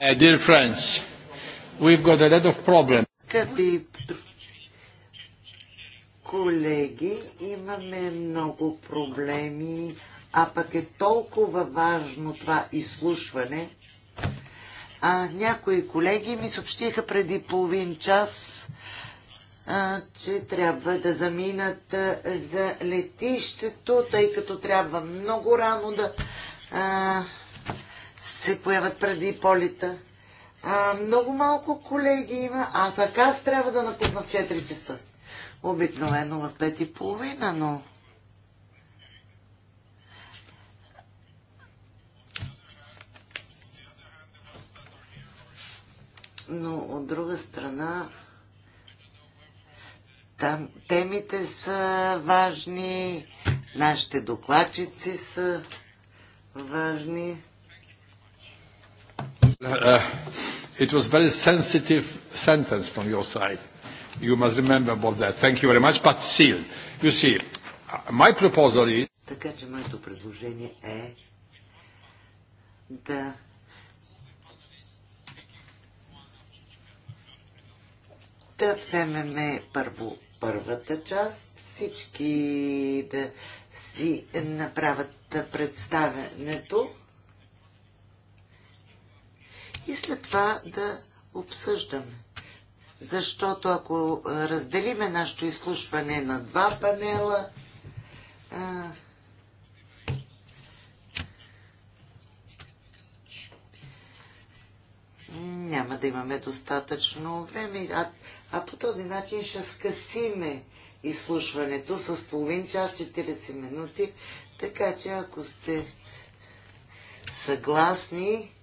Uh, dear friends, we've got a lot of problems. Скъпи колеги, имаме много проблеми, а пък е толкова важно това изслушване. А, някои колеги ми съобщиха преди половин час, а, че трябва да заминат а, за летището, тъй като трябва много рано да а, се появят преди полета. А, много малко колеги има, а пък аз трябва да напусна в 4 часа. Обикновено в 5 и половина, но... Но от друга страна, там темите са важни, нашите докладчици са важни it was a very sensitive sentence from your side. You must remember about that. Thank you very much, but still, you see, my proposal is... Така че моето предложение е да да вземеме първо първата част, всички да си направят представенето и след това да обсъждаме. Защото ако разделиме нашето изслушване на два панела, а, няма да имаме достатъчно време. А, а по този начин ще скъсиме изслушването с половин час, 40 минути. Така че ако сте съгласни,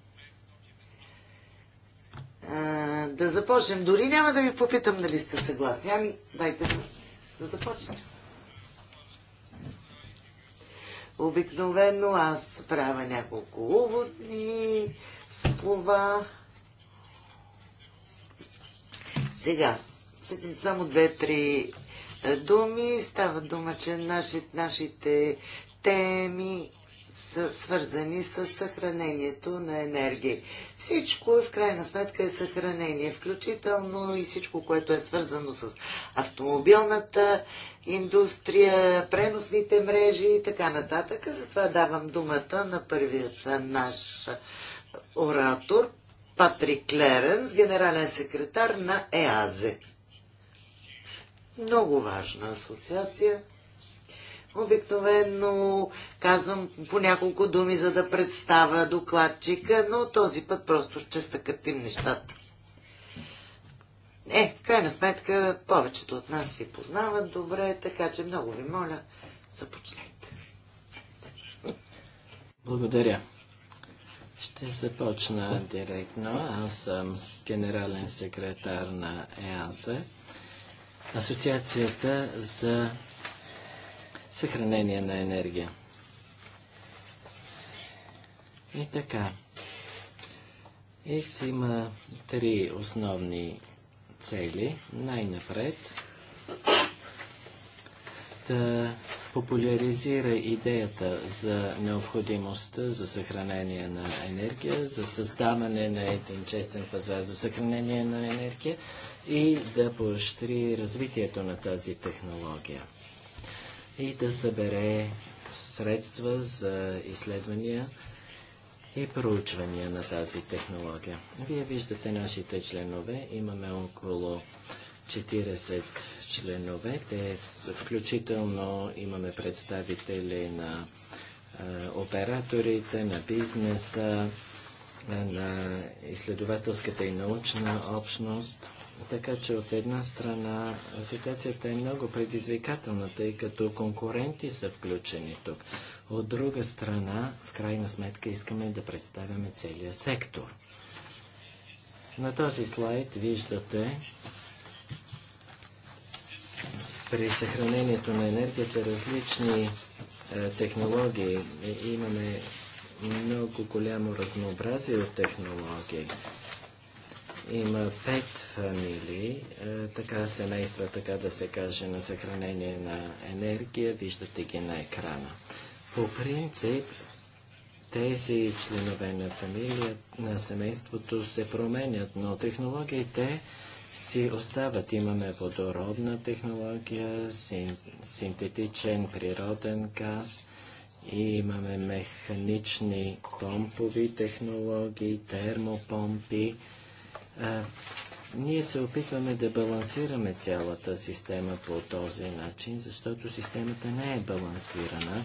да започнем. Дори няма да ви попитам дали сте съгласни. Ами, дайте да, да започнем. Обикновено аз правя няколко уводни слова. Сега, само две-три думи. Става дума, че нашите, нашите теми са свързани с съхранението на енергия. Всичко в крайна сметка е съхранение, включително и всичко, което е свързано с автомобилната индустрия, преносните мрежи и така нататък. Затова давам думата на първият наш оратор, Патрик Леренс, генерален секретар на ЕАЗЕ. Много важна асоциация Обикновено казвам по няколко думи, за да представя докладчика, но този път просто ще стъкатим нещата. Е, в крайна сметка, повечето от нас ви познават добре, така че много ви моля, започнете. Благодаря. Ще започна директно. Аз съм генерален секретар на ЕАНСА, Асоциацията за съхранение на енергия. И така. ЕС има три основни цели. Най-напред да популяризира идеята за необходимостта за съхранение на енергия, за създаване на един честен пазар за съхранение на енергия и да поощри развитието на тази технология и да събере средства за изследвания и проучвания на тази технология. Вие виждате нашите членове. Имаме около 40 членове. Те включително имаме представители на операторите, на бизнеса, на изследователската и научна общност. Така че от една страна ситуацията е много предизвикателна, тъй като конкуренти са включени тук. От друга страна, в крайна сметка, искаме да представяме целия сектор. На този слайд виждате при съхранението на енергията различни е, технологии. Имаме много голямо разнообразие от технологии. Има пет фамилии, е, така семейства, така да се каже, на съхранение на енергия. Виждате ги на екрана. По принцип, тези членове на фамилия, на семейството се променят, но технологиите си остават. Имаме водородна технология, синтетичен природен газ, и имаме механични помпови технологии, термопомпи. Ние се опитваме да балансираме цялата система по този начин, защото системата не е балансирана.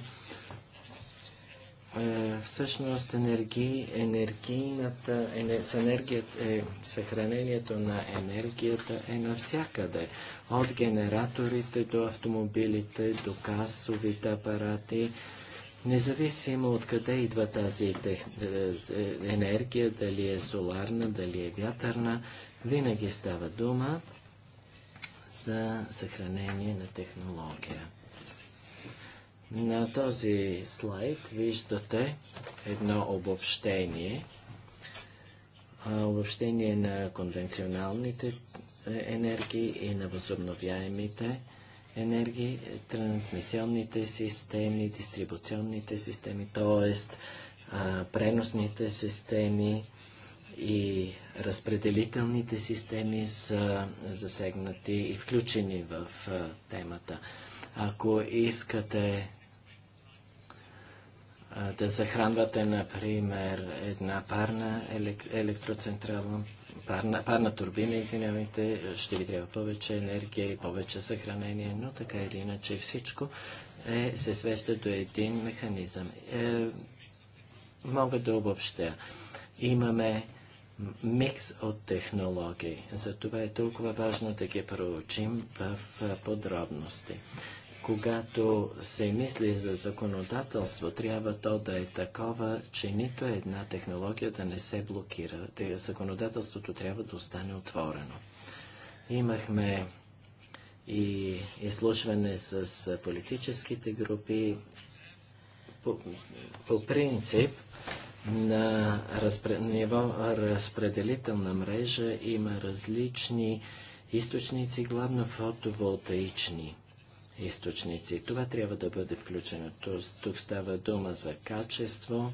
всъщност енергии, енергийната, с енергията, е, съхранението на енергията е навсякъде. От генераторите до автомобилите, до касовите апарати, Независимо от къде идва тази тех... Е, е, е, енергия, дали е соларна, дали е вятърна, винаги става дума за съхранение на технология. На този слайд виждате едно обобщение. Обобщение на конвенционалните енергии и на възобновяемите енергии енергии, е, трансмисионните системи, дистрибуционните системи, т.е. преносните системи и разпределителните системи са засегнати и включени в темата. Ако искате да захранвате, например, една парна електроцентрала, парна, парна турбина, извинявайте, ще ви трябва повече енергия и повече съхранение, но така или иначе всичко е, се свежда до един механизъм. Е, мога да обобщя. Имаме микс от технологии. Затова е толкова важно да ги проучим в подробности когато се мисли за законодателство, трябва то да е такова, че нито една технология да не се блокира. Законодателството трябва да остане отворено. Имахме и изслушване с политическите групи. По, по принцип, на ниво разпределителна мрежа има различни източници, главно фотоволтаични източници. Това трябва да бъде включено. Тоест, тук става дума за качество,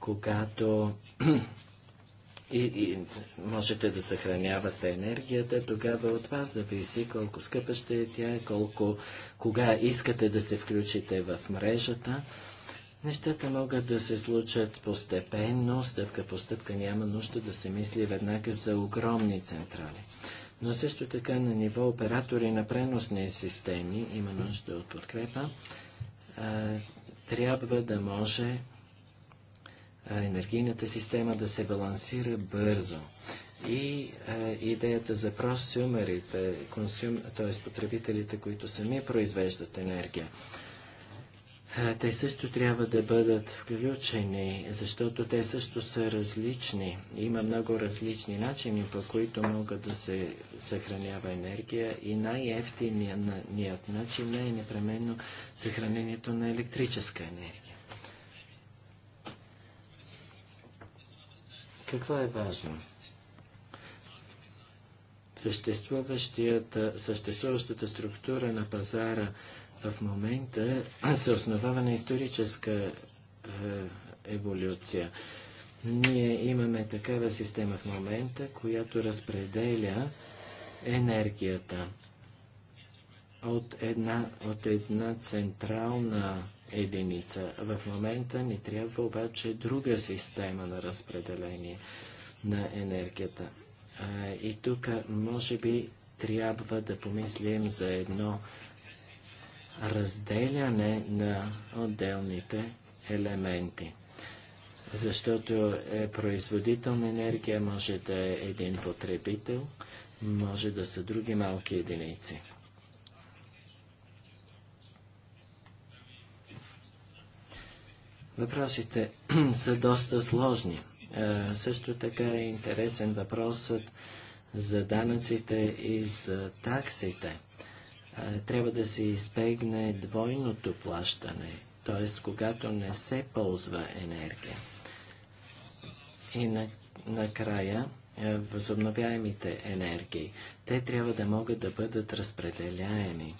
когато и, и можете да съхранявате енергията, тогава от вас зависи колко скъпа ще е тя, колко, кога искате да се включите в мрежата. Нещата могат да се случат постепенно, стъпка по стъпка няма нужда да се мисли веднага за огромни централи но също така на ниво оператори на преносни системи има нужда от подкрепа. А, трябва да може енергийната система да се балансира бързо. И а, идеята за просюмерите, консюм, т.е. потребителите, които сами произвеждат енергия те също трябва да бъдат включени, защото те също са различни. Има много различни начини, по които могат да се съхранява енергия и най-ефтиният начин не е непременно съхранението на електрическа енергия. Какво е важно? Съществуващата структура на пазара в момента се основава на историческа е, еволюция. Ние имаме такава система в момента, която разпределя енергията от една, от една централна единица. В момента ни трябва обаче друга система на разпределение на енергията. и тук може би трябва да помислим за едно разделяне на отделните елементи. Защото е производител на енергия може да е един потребител, може да са други малки единици. Въпросите са доста сложни. Е, също така е интересен въпросът за данъците и за таксите трябва да се избегне двойното плащане, т.е. когато не се ползва енергия. И на, накрая, възобновяемите енергии. Те трябва да могат да бъдат разпределяеми.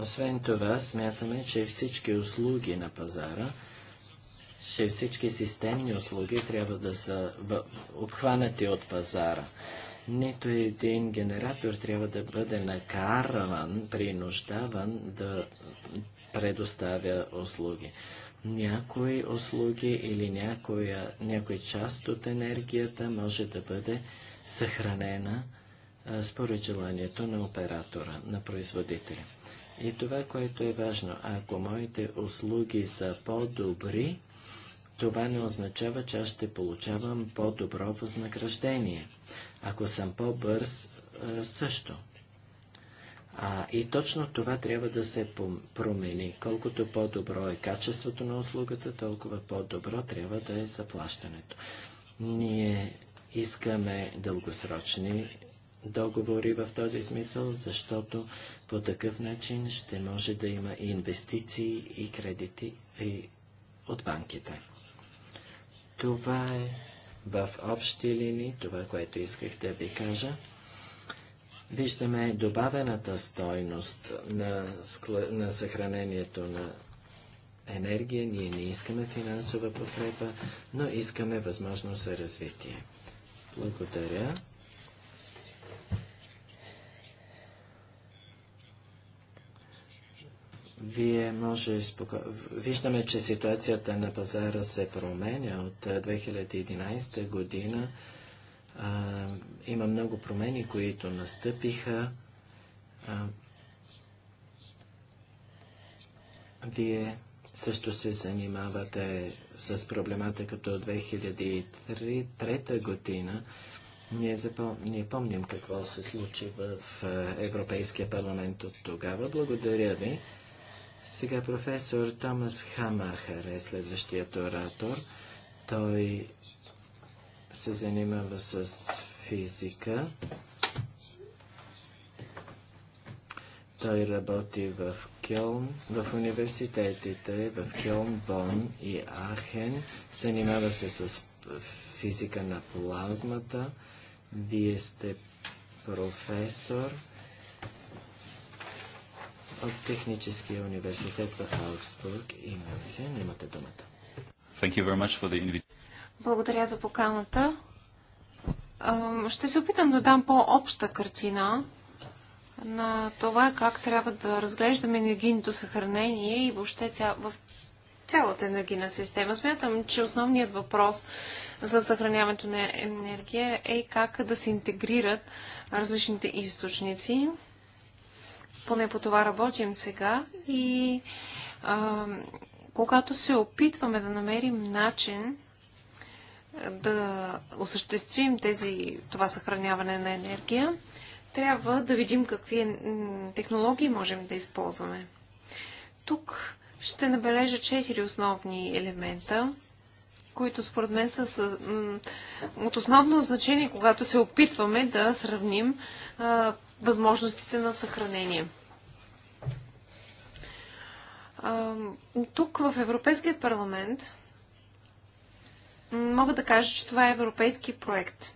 Освен това, смятаме, че всички услуги на пазара, че всички системни услуги трябва да са обхванати от пазара. Нито един генератор трябва да бъде накарван, принуждаван да предоставя услуги. Някои услуги или някоя, някоя част от енергията може да бъде съхранена според желанието на оператора, на производителя. И това, което е важно, ако моите услуги са по-добри, това не означава, че аз ще получавам по-добро възнаграждение. Ако съм по-бърз, също. А, и точно това трябва да се промени. Колкото по-добро е качеството на услугата, толкова по-добро трябва да е заплащането. Ние искаме дългосрочни договори в този смисъл, защото по такъв начин ще може да има и инвестиции и кредити и от банките. Това е в общи линии, това, което исках да ви кажа. Виждаме добавената стойност на, скла... на съхранението на енергия. Ние не искаме финансова подкрепа, но искаме възможност за развитие. Благодаря. Вие може споко... Виждаме, че ситуацията на пазара се променя от 2011 година. А, има много промени, които настъпиха. А, вие също се занимавате с проблематиката от 2003 година. Ние, запом... Ние помним какво се случи в Европейския парламент от тогава. Благодаря ви. Сега професор Томас Хамахер е следващият оратор. Той се занимава с физика. Той работи в Кьолн, в университетите в Кьолн, Бон и Ахен. Занимава се с физика на плазмата. Вие сте професор от Техническия университет в Аугсбург и Мюнхен. Имате думата. Thank you very much for the invitation. Благодаря за поканата. Ще се опитам да дам по-обща картина на това как трябва да разглеждаме енергийното съхранение и въобще ця... в цялата енергийна система. Смятам, че основният въпрос за съхраняването на енергия е как да се интегрират различните източници поне по това работим сега и а, когато се опитваме да намерим начин да осъществим тези, това съхраняване на енергия, трябва да видим какви технологии можем да използваме. Тук ще набележа четири основни елемента, които според мен са от основно значение, когато се опитваме да сравним възможностите на съхранение тук в Европейския парламент мога да кажа, че това е европейски проект.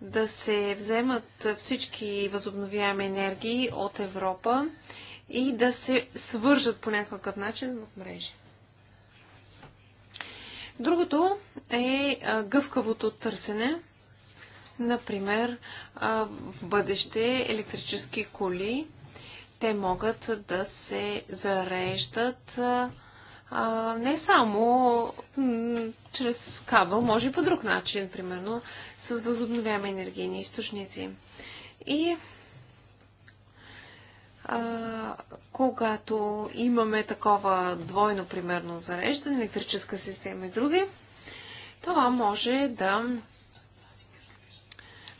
Да се вземат всички възобновяеми енергии от Европа и да се свържат по някакъв начин в мрежи. Другото е гъвкавото търсене. Например, в бъдеще електрически коли те могат да се зареждат а, не само чрез кабел, може и по друг начин, примерно с възобновяеми енергийни източници. И а, когато имаме такова двойно, примерно, зареждане, електрическа система и други, това може да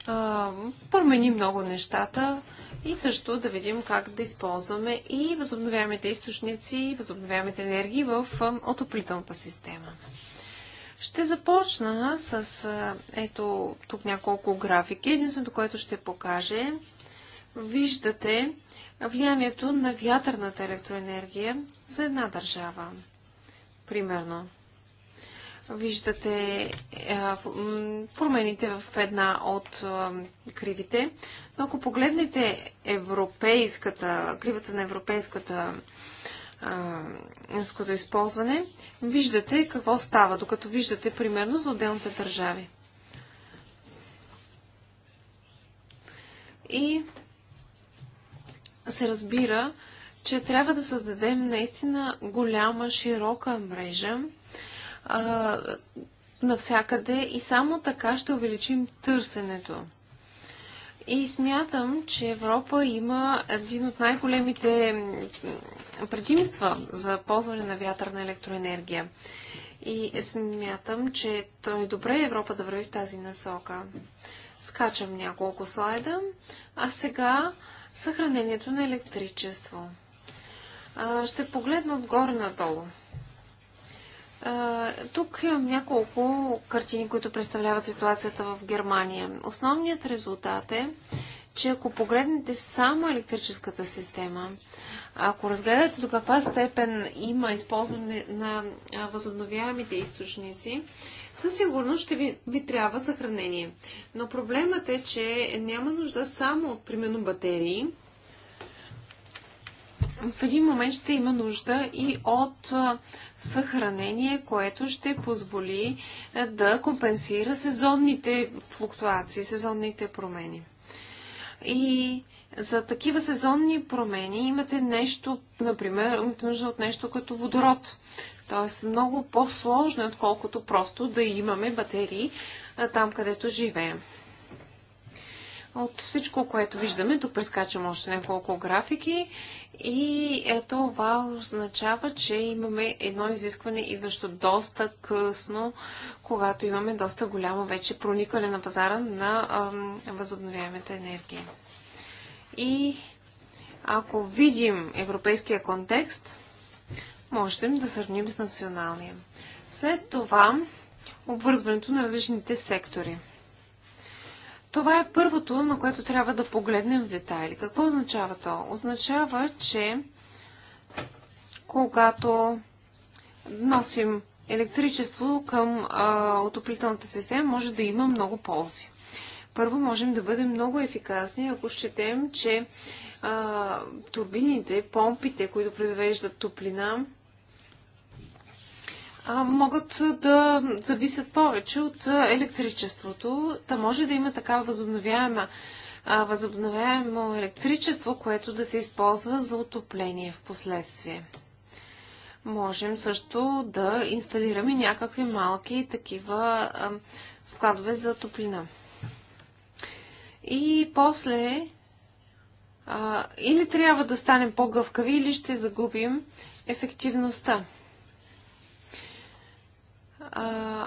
а, промени много нещата и също да видим как да използваме и възобновяемите източници, и възобновяемите енергии в отоплителната система. Ще започна с ето тук няколко графики. Единственото, което ще покаже, виждате влиянието на вятърната електроенергия за една държава. Примерно виждате е, промените в една от е, кривите. Но ако погледнете европейската, кривата на европейската е, ското използване, виждате какво става, докато виждате примерно за отделните държави. И се разбира, че трябва да създадем наистина голяма, широка мрежа, а, навсякъде и само така ще увеличим търсенето. И смятам, че Европа има един от най-големите предимства за ползване на вятърна електроенергия. И смятам, че то е добре Европа да върви в тази насока. Скачам няколко слайда, а сега съхранението на електричество. Ще погледна отгоре надолу. Тук имам няколко картини, които представляват ситуацията в Германия. Основният резултат е, че ако погледнете само електрическата система, ако разгледате до каква степен има използване на възобновяемите източници, със сигурност ще ви, ви трябва съхранение. Но проблемът е, че няма нужда само от, примерно, батерии. В един момент ще има нужда и от съхранение, което ще позволи е, да компенсира сезонните флуктуации, сезонните промени. И за такива сезонни промени имате нещо, например, имате нужда от нещо като водород. Тоест много по-сложно, е, отколкото просто да имаме батерии е, там, където живеем. От всичко, което виждаме, тук прескачам още няколко графики и е, това означава, че имаме едно изискване, идващо доста късно, когато имаме доста голямо вече проникване на пазара на възобновяемата енергия. И ако видим европейския контекст, можем да сравним с националния. След това обвързването на различните сектори – това е първото, на което трябва да погледнем в детайли. Какво означава то? Означава, че когато носим електричество към а, отоплителната система, може да има много ползи. Първо, можем да бъдем много ефикасни, ако счетем, че а, турбините, помпите, които произвеждат топлина, могат да зависят повече от електричеството, Та може да има такава възобновяема възобновяемо електричество, което да се използва за отопление в последствие. Можем също да инсталираме някакви малки такива складове за топлина. И после или трябва да станем по-гъвкави, или ще загубим ефективността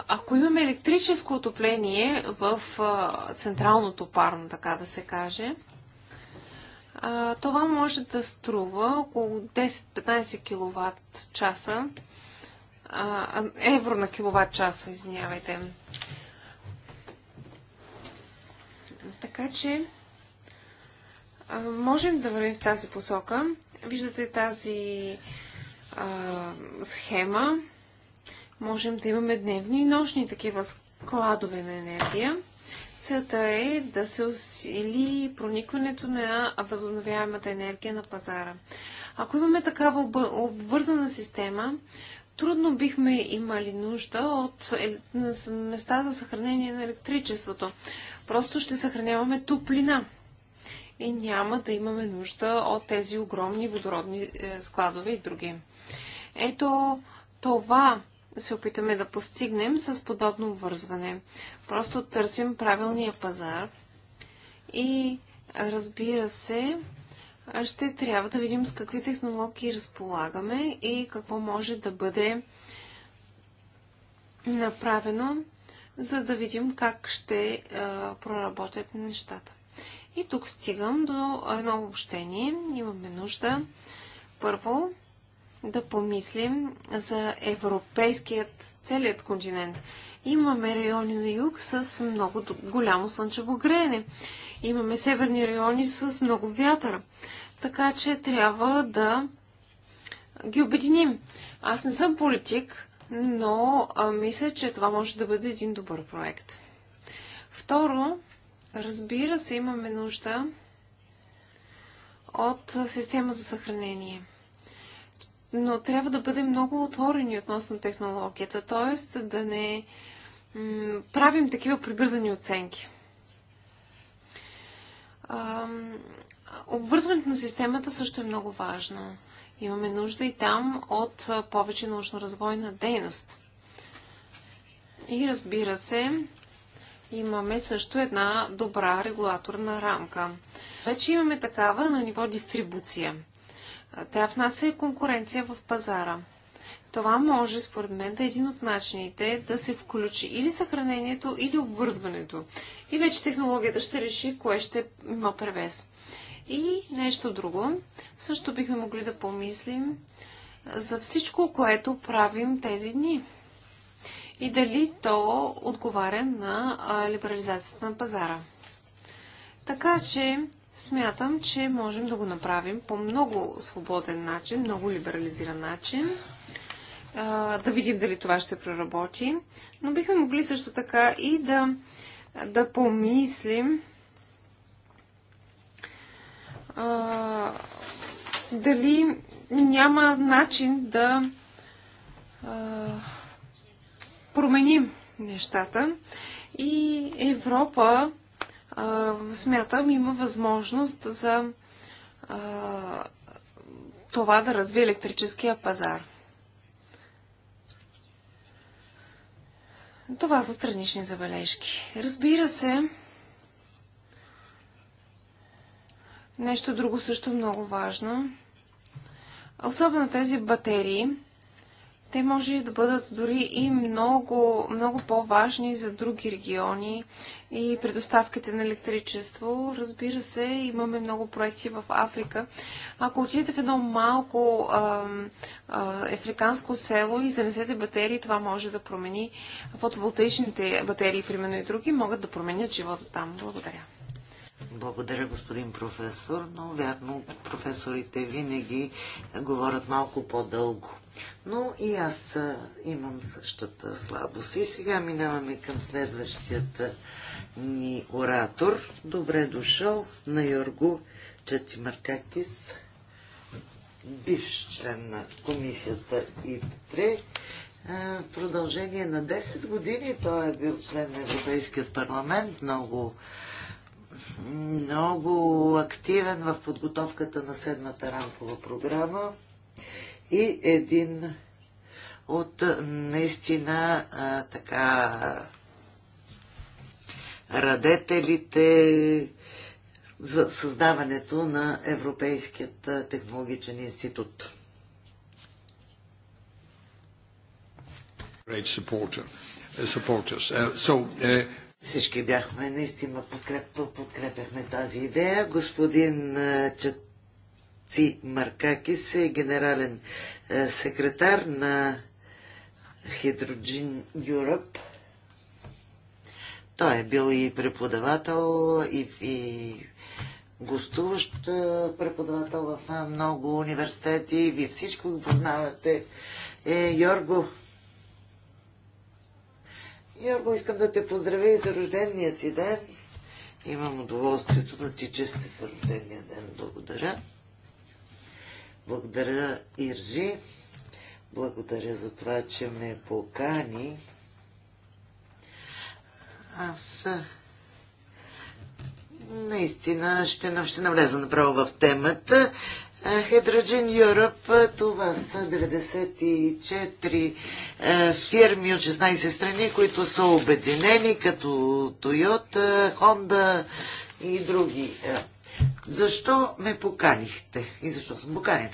ако имаме електрическо отопление в централното парно, така да се каже, това може да струва около 10-15 кВт часа, евро на кВт часа, извинявайте. Така че можем да вървим в тази посока. Виждате тази а, схема можем да имаме дневни и нощни такива складове на енергия. Целта е да се усили проникването на възобновяемата енергия на пазара. Ако имаме такава обвързана система, трудно бихме имали нужда от места за съхранение на електричеството. Просто ще съхраняваме топлина и няма да имаме нужда от тези огромни водородни е, складове и други. Ето това се опитаме да постигнем с подобно вързване. Просто търсим правилния пазар и разбира се, ще трябва да видим с какви технологии разполагаме и какво може да бъде направено, за да видим как ще а, проработят нещата. И тук стигам до едно обобщение. Имаме нужда първо да помислим за европейският целият континент. Имаме райони на юг с много голямо слънчево греене. Имаме северни райони с много вятър. Така че трябва да ги обединим. Аз не съм политик, но а, мисля, че това може да бъде един добър проект. Второ, разбира се, имаме нужда от система за съхранение – но трябва да бъдем много отворени относно технологията, т.е. да не правим такива прибързани оценки. Обвързването на системата също е много важно. Имаме нужда и там от повече научно-развойна дейност. И разбира се, имаме също една добра регулаторна рамка. Вече имаме такава на ниво дистрибуция – тя внася и е конкуренция в пазара. Това може, според мен, да е един от начините да се включи или съхранението, или обвързването. И вече технологията ще реши кое ще има превес. И нещо друго, също бихме могли да помислим за всичко, което правим тези дни. И дали то отговаря на либерализацията на пазара. Така че Смятам, че можем да го направим по много свободен начин, много либерализиран начин. Да видим дали това ще проработи. Но бихме могли също така и да, да помислим а, дали няма начин да а, променим нещата. И Европа смятам, има възможност за а, това да развие електрическия пазар. Това са странични забележки. Разбира се, нещо друго също много важно. Особено тези батерии, те може да бъдат дори и много, много по-важни за други региони и предоставките на електричество. Разбира се, имаме много проекти в Африка. Ако отидете в едно малко а, а, африканско село и занесете батерии, това може да промени. Фотоволтаичните батерии, примерно и други, могат да променят живота там. Благодаря. Благодаря, господин професор, но вярно професорите винаги говорят малко по-дълго. Но и аз имам същата слабост. И сега минаваме към следващият ни оратор. Добре дошъл на Йорго Четимаркакис, бивш член на комисията ИПТРЕ. В продължение на 10 години той е бил член на Европейският парламент, много много активен в подготовката на седмата рамкова програма и един от наистина а, така радетелите за създаването на Европейският технологичен институт. Uh, uh, uh, Всички бяхме, наистина подкреп, подкрепяхме тази идея. Господин Чет Ци Маркакис е генерален е, секретар на Hydrogen Europe. Той е бил и преподавател, и, и гостуващ е, преподавател в е, много университети. Вие всичко го познавате. Е, Йорго, Йорго, искам да те поздравя и за рождения ти ден. Имам удоволствието да ти за рождения ден. Благодаря. Благодаря, Иржи. Благодаря за това, че ме покани. Аз наистина ще, ще навлеза направо в темата. Hydrogen Europe, това са 94 фирми от 16 страни, които са обединени, като Toyota, Honda и други защо ме поканихте? И защо съм поканен?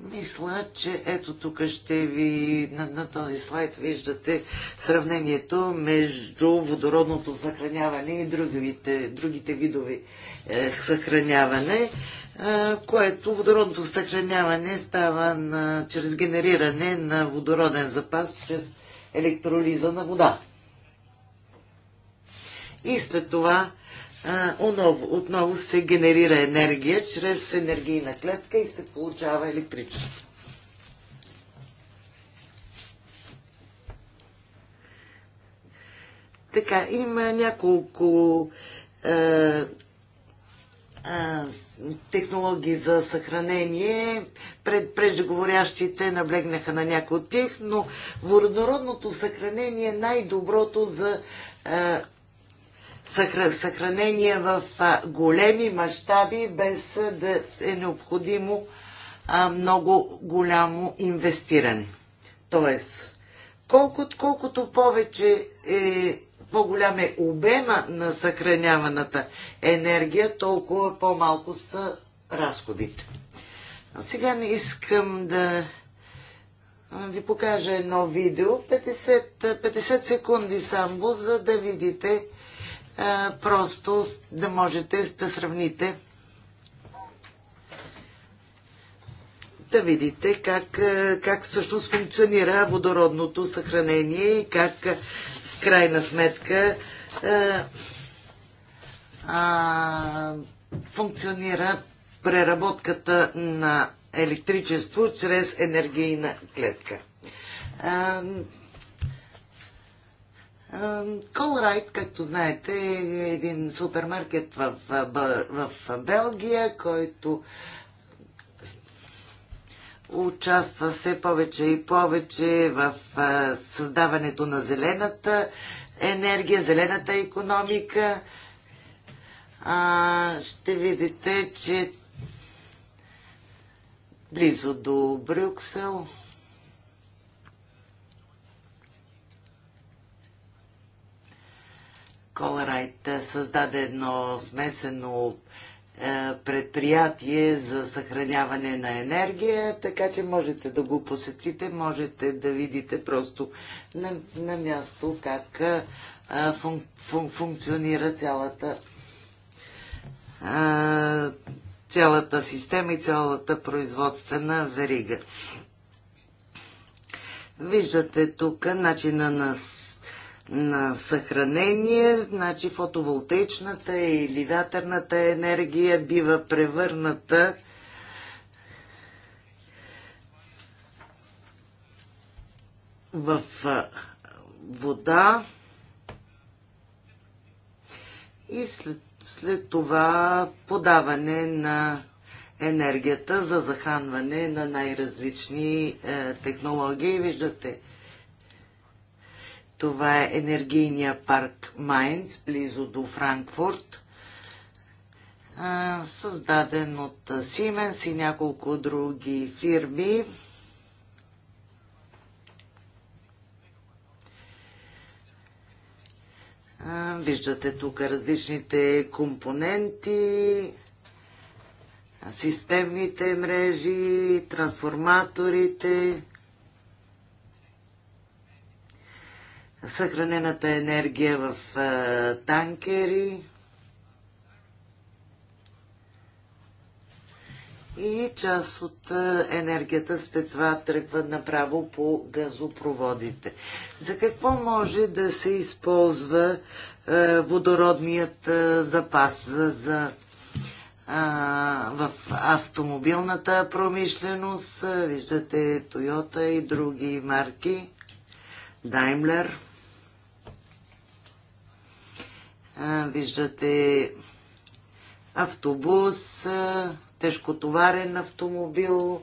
Мисля, че ето тук ще ви на, на този слайд виждате сравнението между водородното съхраняване и другите, другите видови е, съхраняване, е, което водородното съхраняване става на, чрез генериране на водороден запас чрез електролиза на вода. И след това отново, отново се генерира енергия чрез енергийна клетка и се получава електричество. Така, има няколко е, е, технологии за съхранение. Пред преждеговорящите наблегнаха на някои от тях, но водородното съхранение е най-доброто за е, съхранение в големи мащаби, без да е необходимо много голямо инвестиране. Тоест, колкото, колкото повече е по-голям е обема на съхраняваната енергия, толкова по-малко са разходите. А сега не искам да ви покажа едно видео, 50, 50 секунди само, за да видите просто да можете да сравните да видите как, как всъщност функционира водородното съхранение и как в крайна сметка а, а, функционира преработката на електричество чрез енергийна клетка. А, Колрайт, както знаете, е един супермаркет в, в, в Белгия, който участва все повече и повече в създаването на зелената енергия, зелената економика. А, ще видите, че близо до Брюксел Колерайт създаде едно смесено е, предприятие за съхраняване на енергия, така че можете да го посетите, можете да видите просто на, на място как а, е, е, фун, фун, функционира цялата а, цялата система и цялата производствена верига. Виждате тук начина на на съхранение, значи фотоволтечната или вятърната енергия бива превърната в вода и след, след това подаване на енергията за захранване на най-различни е, технологии. Виждате това е енергийния парк Майнц, близо до Франкфурт, създаден от Сименс и няколко други фирми. Виждате тук различните компоненти, системните мрежи, трансформаторите, съхранената енергия в танкери и част от енергията след това тръгва направо по газопроводите. За какво може да се използва водородният запас за, в автомобилната промишленост. Виждате Toyota и други марки. Daimler. виждате автобус, тежкотоварен автомобил.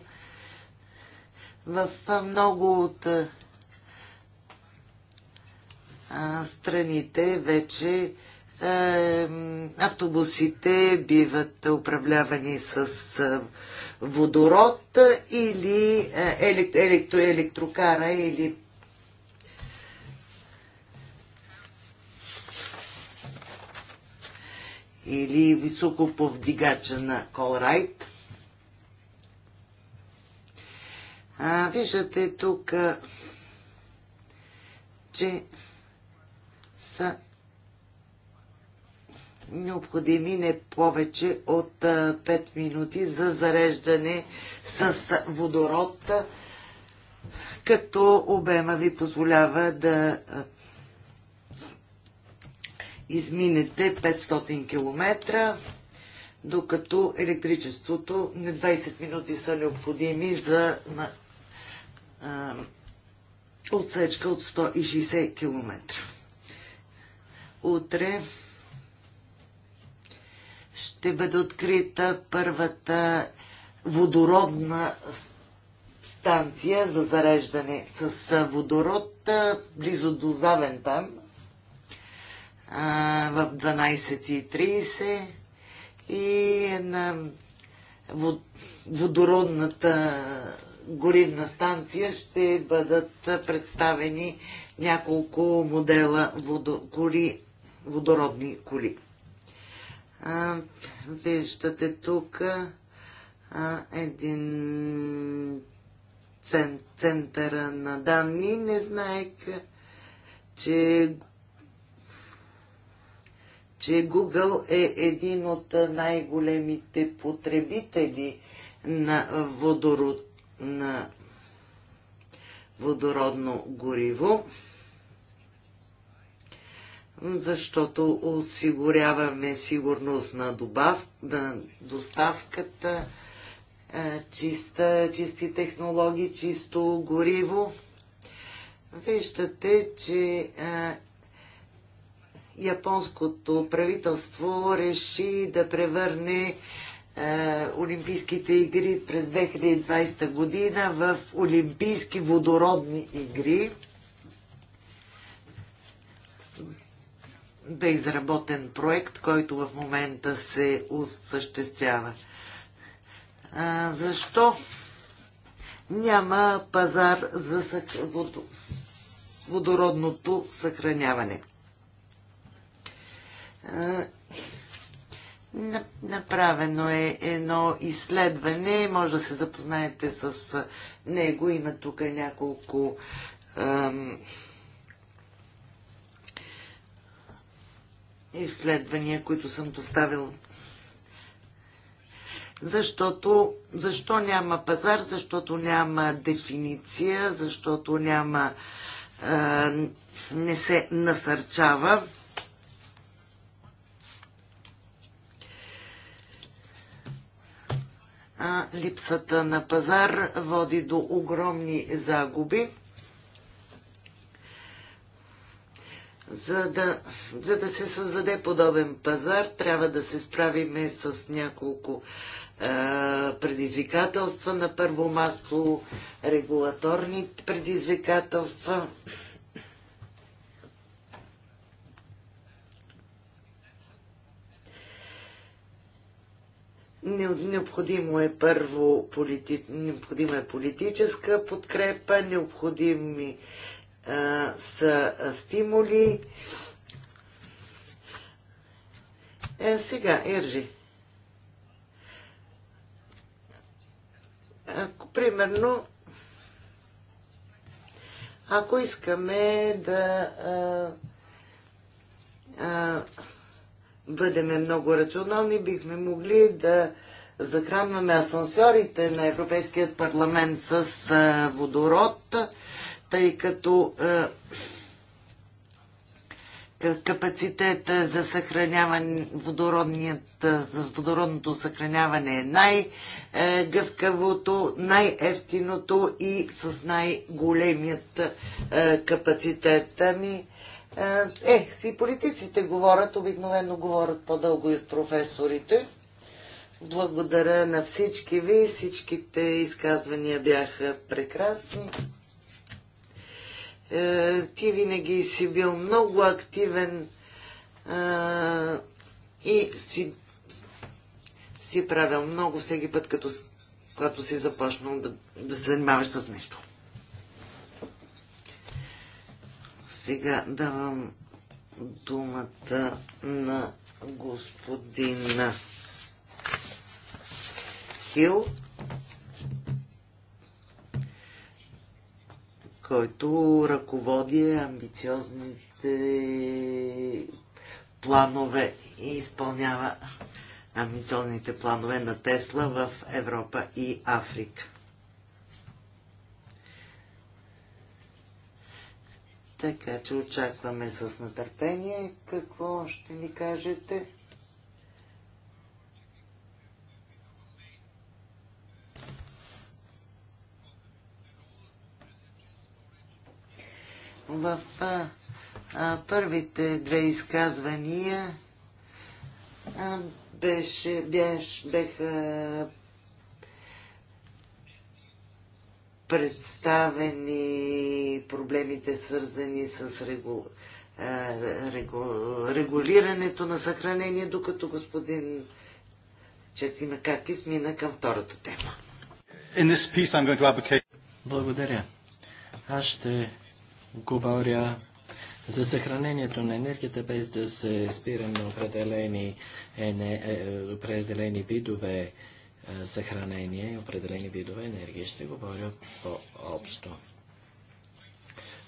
В много от страните вече автобусите биват управлявани с водород или електрокара или или високо повдигача на Колрайт. А, виждате тук, че са необходими не повече от 5 минути за зареждане с водород, като обема ви позволява да изминете 500 км, докато електричеството не 20 минути са необходими за а, отсечка от 160 км. Утре ще бъде открита първата водородна станция за зареждане с водород близо до Завентан в 12.30 и една водородната горивна станция ще бъдат представени няколко модела водо, коли, водородни коли. А, виждате тук а, един цен, центъра на данни. Не знаех, че че Google е един от най-големите потребители на, водород, на водородно гориво, защото осигуряваме сигурност на, добав, на доставката, е, чиста, чисти технологии, чисто гориво. Виждате, че е, японското правителство реши да превърне е, Олимпийските игри през 2020 година в Олимпийски водородни игри. Бе изработен проект, който в момента се осъществява. А, защо няма пазар за водородното съхраняване? Направено е едно изследване, може да се запознаете с него. Има тук няколко изследвания, които съм поставил. Защото, защо няма пазар, защото няма дефиниция, защото няма, не се насърчава а липсата на пазар води до огромни загуби. За да, за да се създаде подобен пазар, трябва да се справиме с няколко е, предизвикателства. На първо масло регулаторни предизвикателства. Необходимо е първо полити... е политическа подкрепа, необходими а, са стимули. Е, сега, Иржи. Ако, примерно, ако искаме да а, а, бъдем много рационални, бихме могли да захранваме асансьорите на Европейският парламент с водород, тъй като капацитета за съхраняване, водородният, за водородното съхраняване е най-гъвкавото, най-ефтиното и с най-големият капацитет. Ами, е, е, си политиците говорят, обикновено говорят по-дълго и от професорите. Благодаря на всички ви. Всичките изказвания бяха прекрасни. Е, ти винаги си бил много активен и си, си правил много всеки път, като, когато си започнал да, да се занимаваш с нещо. Сега давам думата на господин Хил, който ръководи амбициозните планове и изпълнява амбициозните планове на Тесла в Европа и Африка. Така че очакваме с нетърпение какво ще ни кажете. В а, а, първите две изказвания а, беше, беше, беха представени проблемите, свързани с регу... Регу... регулирането на съхранение, докато господин Четима Какис мина към втората тема. Advocate... Благодаря. Аз ще говоря за съхранението на енергията, без да се спирам на определени, е, определени видове съхранение и определени видове енергия. Ще говоря по-общо.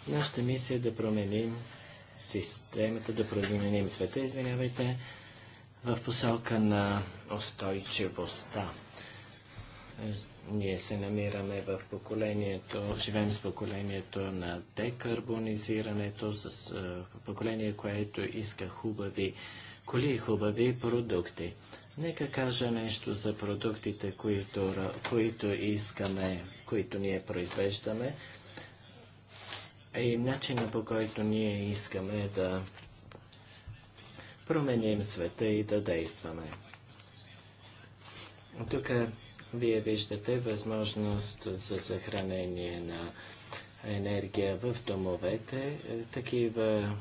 Нашата мисия е да променим системата, да променим света, извинявайте, в посока на устойчивостта. Ние се намираме в поколението, живеем с поколението на декарбонизирането, с поколение, което иска хубави коли и хубави продукти. Нека кажа нещо за продуктите, които, които искаме, които ние произвеждаме и начина по който ние искаме да променим света и да действаме. Тук вие виждате възможност за съхранение на енергия в домовете. Такива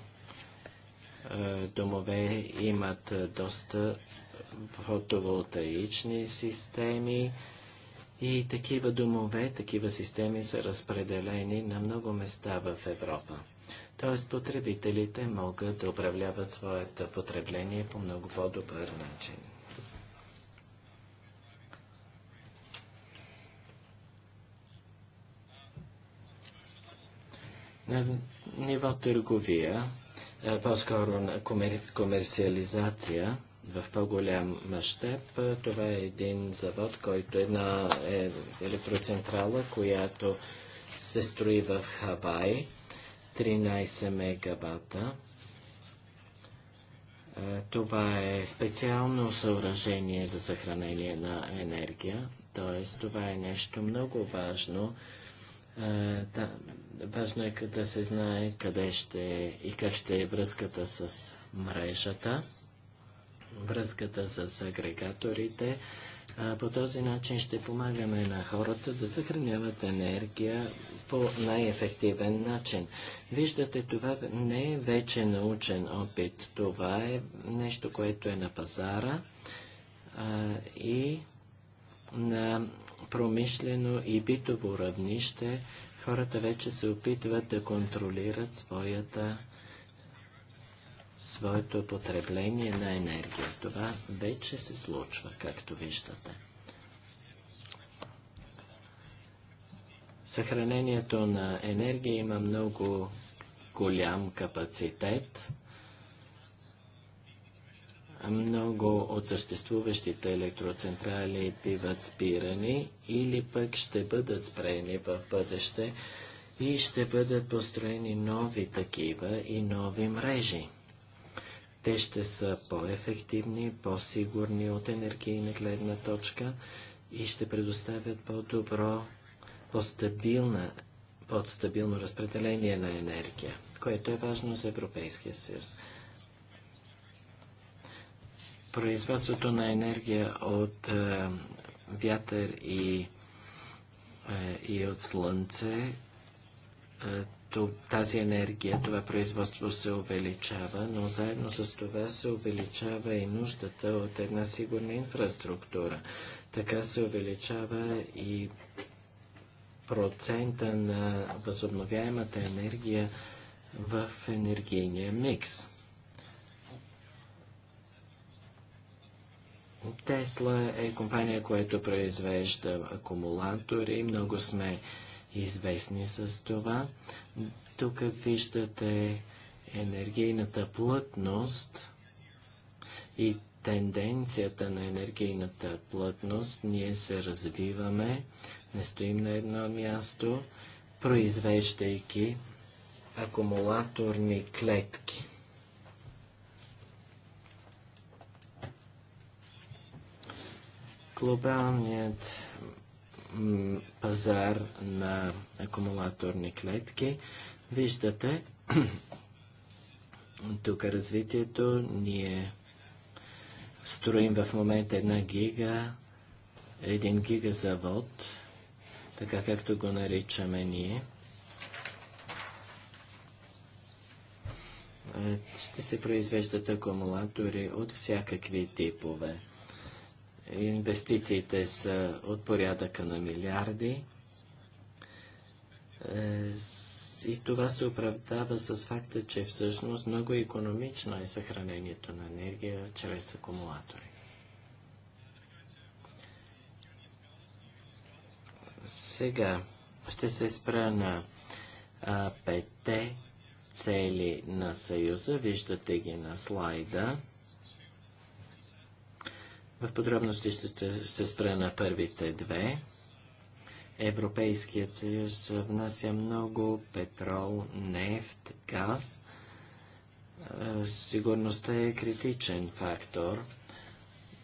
е, домове имат е, доста фотоволтаични системи и такива домове, такива системи са разпределени на много места в Европа. Тоест потребителите могат да управляват своето потребление по много по-добър начин. На ниво търговия, по-скоро комер... комерциализация, в по-голям мащаб. Това е един завод, който е една на е електроцентрала, която се строи в Хавай, 13 мегавата. Това е специално съоръжение за съхранение на енергия, т.е. това е нещо много важно. Да, важно е да се знае къде ще и как ще е връзката с мрежата връзката с агрегаторите. По този начин ще помагаме на хората да съхраняват енергия по най-ефективен начин. Виждате, това не е вече научен опит. Това е нещо, което е на пазара а, и на промишлено и битово равнище хората вече се опитват да контролират своята своето потребление на енергия. Това вече се случва, както виждате. Съхранението на енергия има много голям капацитет. Много от съществуващите електроцентрали биват спирани или пък ще бъдат спрени в бъдеще и ще бъдат построени нови такива и нови мрежи. Те ще са по-ефективни, по-сигурни от енергийна гледна точка и ще предоставят по-добро, по по-стабилно разпределение на енергия, което е важно за Европейския съюз. Производството на енергия от е, вятър и, е, и от слънце е, тази енергия, това производство се увеличава, но заедно с това се увеличава и нуждата от една сигурна инфраструктура. Така се увеличава и процента на възобновяемата енергия в енергийния микс. Тесла е компания, която произвежда акумулатори. Много сме известни с това. Тук виждате енергийната плътност и тенденцията на енергийната плътност. Ние се развиваме, не стоим на едно място, произвеждайки акумулаторни клетки. Глобалният пазар на акумулаторни клетки. Виждате тук развитието. Ние строим в момента една гига, един гига завод, така както го наричаме ние. Е, ще се произвеждат акумулатори от всякакви типове. Инвестициите са от порядъка на милиарди. Е, и това се оправдава с факта, че всъщност много економично е съхранението на енергия чрез акумулатори. Сега ще се спра на петте цели на Съюза. Виждате ги на слайда. В подробности ще се спра на първите две. Европейският съюз внася много петрол, нефт, газ. Е, сигурността е критичен фактор.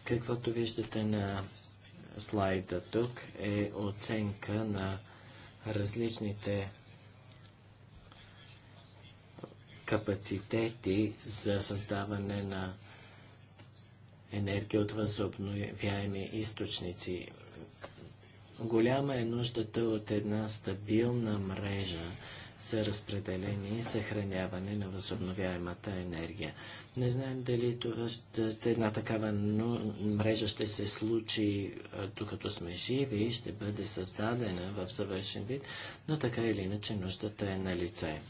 Каквото виждате на слайда тук е оценка на различните капацитети за създаване на енергия от възобновяеми източници. Голяма е нуждата от една стабилна мрежа за разпределение и съхраняване на възобновяемата енергия. Не знаем дали това ще, една такава мрежа ще се случи докато сме живи, и ще бъде създадена в съвършен вид, но така или иначе нуждата е на лице.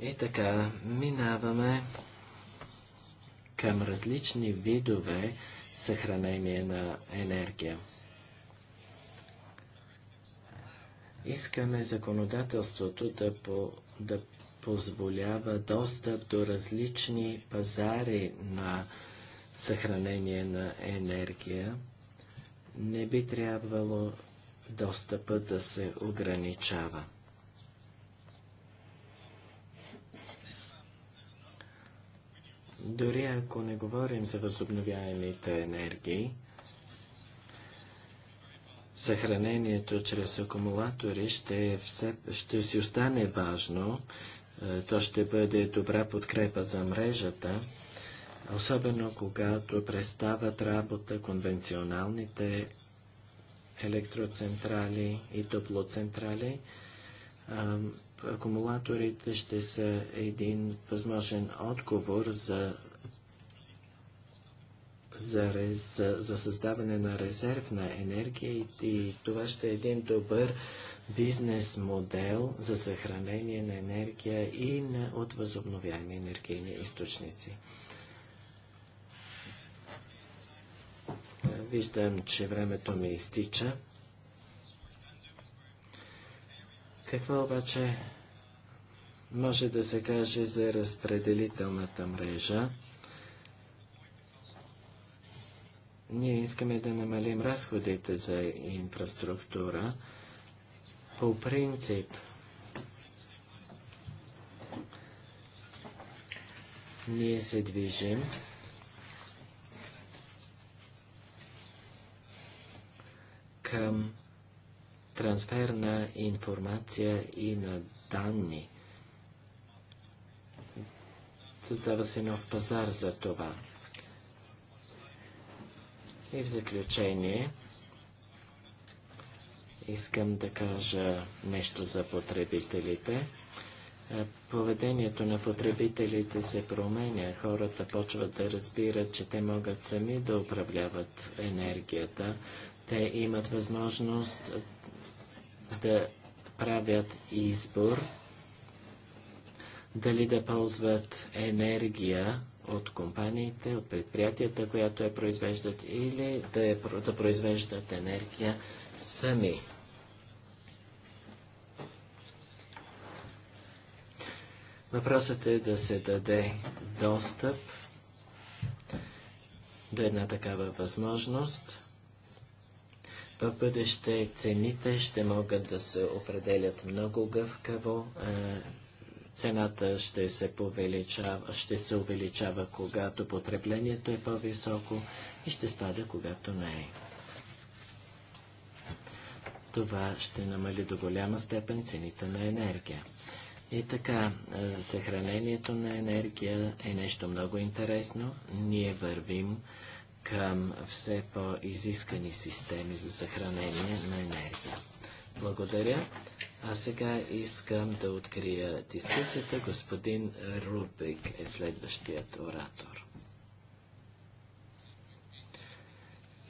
И така, минаваме към различни видове съхранение на енергия. Искаме законодателството да, по, да позволява достъп до различни пазари на съхранение на енергия. Не би трябвало достъпът да се ограничава. Дори ако не говорим за възобновяемите енергии, съхранението чрез акумулатори ще, е все, ще си остане важно. Е, то ще бъде добра подкрепа за мрежата, особено когато престават работа конвенционалните електроцентрали и топлоцентрали акумулаторите ще са един възможен отговор за, за, рез, за, създаване на резервна енергия и, и това ще е един добър бизнес модел за съхранение на енергия и на, от възобновяеми енергийни източници. Виждам, че времето ми изтича. Какво обаче може да се каже за разпределителната мрежа. Ние искаме да намалим разходите за инфраструктура. По принцип, ние се движим към трансфер на информация и на данни. Създава се нов пазар за това. И в заключение искам да кажа нещо за потребителите. Е, поведението на потребителите се променя. Хората почват да разбират, че те могат сами да управляват енергията. Те имат възможност да правят избор дали да ползват енергия от компаниите, от предприятията, която я произвеждат, или да, я, да произвеждат енергия сами. Въпросът е да се даде достъп до една такава възможност. В бъдеще цените ще могат да се определят много гъвкаво. Е, Цената ще се, повеличава, ще се увеличава, когато потреблението е по-високо и ще спада, когато не е. Това ще намали до голяма степен цените на енергия. И така, е, съхранението на енергия е нещо много интересно. Ние вървим към все по-изискани системи за съхранение на енергия. Благодаря. А сега искам да открия дискусията. Господин Рубик е следващият оратор.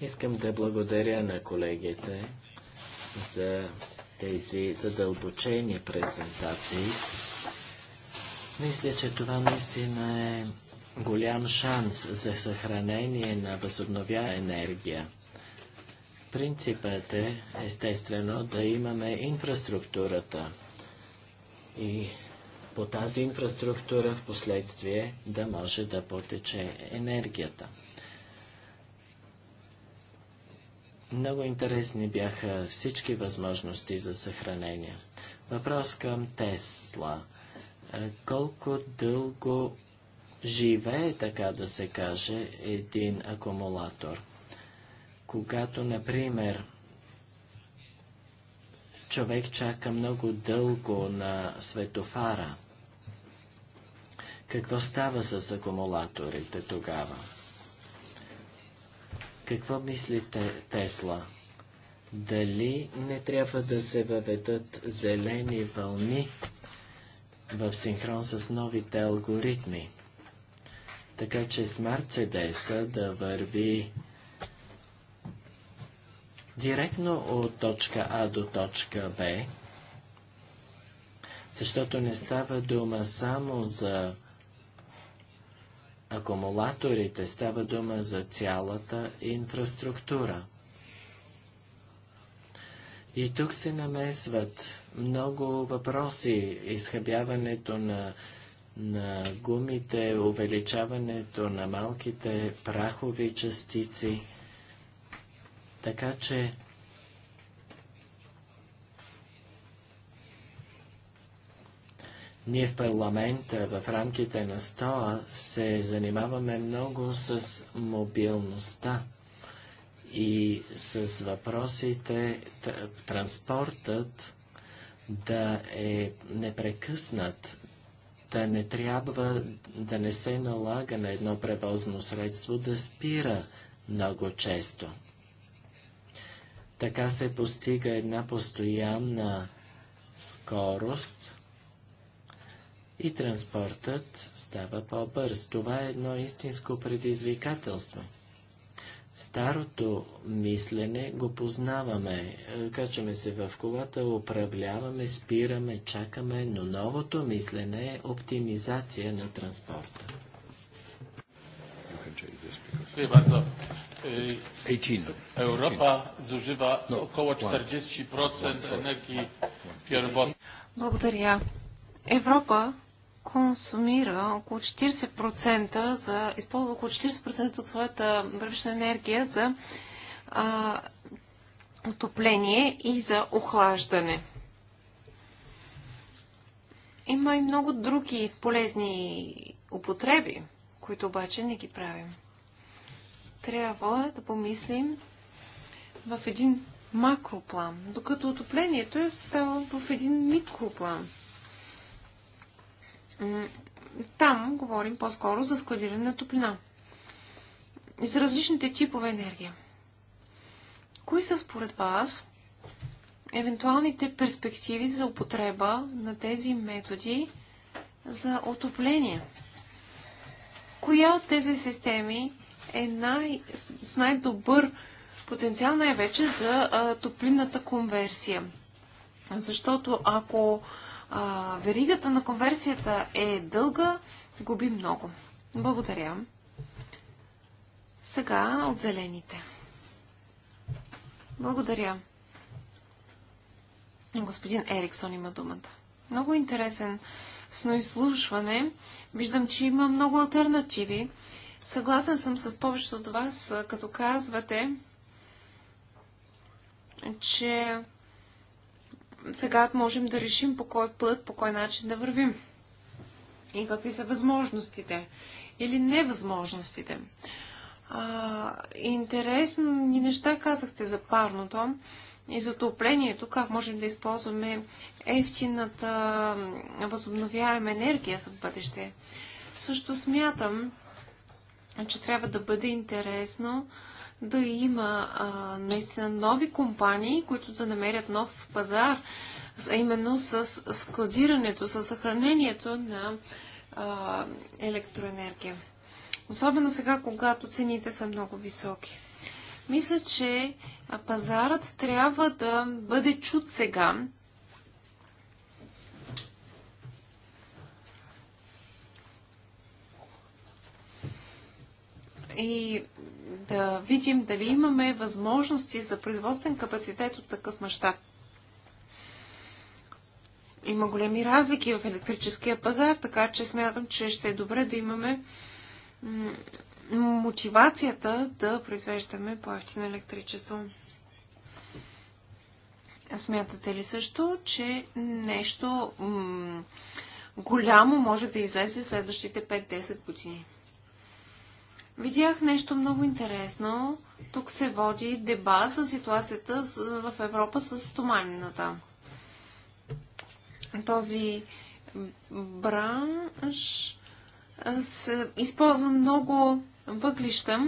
Искам да благодаря на колегите за тези задълбочени презентации. Мисля, че това наистина е голям шанс за съхранение на възобновя енергия. Принципът е, естествено, да имаме инфраструктурата и по тази инфраструктура в последствие да може да потече енергията. Много интересни бяха всички възможности за съхранение. Въпрос към Тесла. Е, колко дълго живее, така да се каже, един акумулатор? когато, например, човек чака много дълго на светофара, какво става с акумулаторите тогава? Какво мислите, Тесла? Дали не трябва да се въведат зелени вълни в синхрон с новите алгоритми? Така че смарт CDS да върви директно от точка А до точка Б, защото не става дума само за акумулаторите, става дума за цялата инфраструктура. И тук се намесват много въпроси. Изхъбяването на, на гумите, увеличаването на малките прахови частици. Така че Ние в парламента, в рамките на стола се занимаваме много с мобилността и с въпросите транспортът да е непрекъснат, да не трябва да не се налага на едно превозно средство да спира много често. Така се постига една постоянна скорост и транспортът става по-бърз. Това е едно истинско предизвикателство. Старото мислене го познаваме. Е, Качаме се в колата, управляваме, спираме, чакаме, но новото мислене е оптимизация на транспорта. Europa zużywa około 40% energii pierwotnej. Благодаря. Европа консумира около 40% за, използва около 40% от своята първична енергия за а, отопление и за охлаждане. Има и много други полезни употреби, които обаче не ги правим трябва да помислим в един макроплан, докато отоплението е става в един микроплан. Там говорим по-скоро за складиране на топлина и за различните типове енергия. Кои са според вас евентуалните перспективи за употреба на тези методи за отопление? Коя от тези системи е най, с най-добър потенциал най-вече за а, топлинната конверсия. Защото ако а, веригата на конверсията е дълга, губи много. Благодаря. Сега от зелените. Благодаря. Господин Ериксон има думата. Много интересен сноизслушване. Виждам, че има много альтернативи. Съгласен съм с повечето от вас, като казвате, че сега можем да решим по кой път, по кой начин да вървим. И какви са възможностите или невъзможностите. А, интересни неща казахте за парното и за отоплението, как можем да използваме ефтината възобновяема енергия за бъдеще. Също смятам, че трябва да бъде интересно да има а, наистина нови компании, които да намерят нов пазар, а именно с складирането, с съхранението на а, електроенергия. Особено сега, когато цените са много високи. Мисля, че пазарът трябва да бъде чут сега, и да видим дали имаме възможности за производствен капацитет от такъв мащаб. Има големи разлики в електрическия пазар, така че смятам, че ще е добре да имаме мотивацията да произвеждаме по-ефтино електричество. Смятате ли също, че нещо голямо може да излезе в следващите 5-10 години? Видях нещо много интересно. Тук се води дебат за ситуацията в Европа с стоманината. Този бранш използва много въглища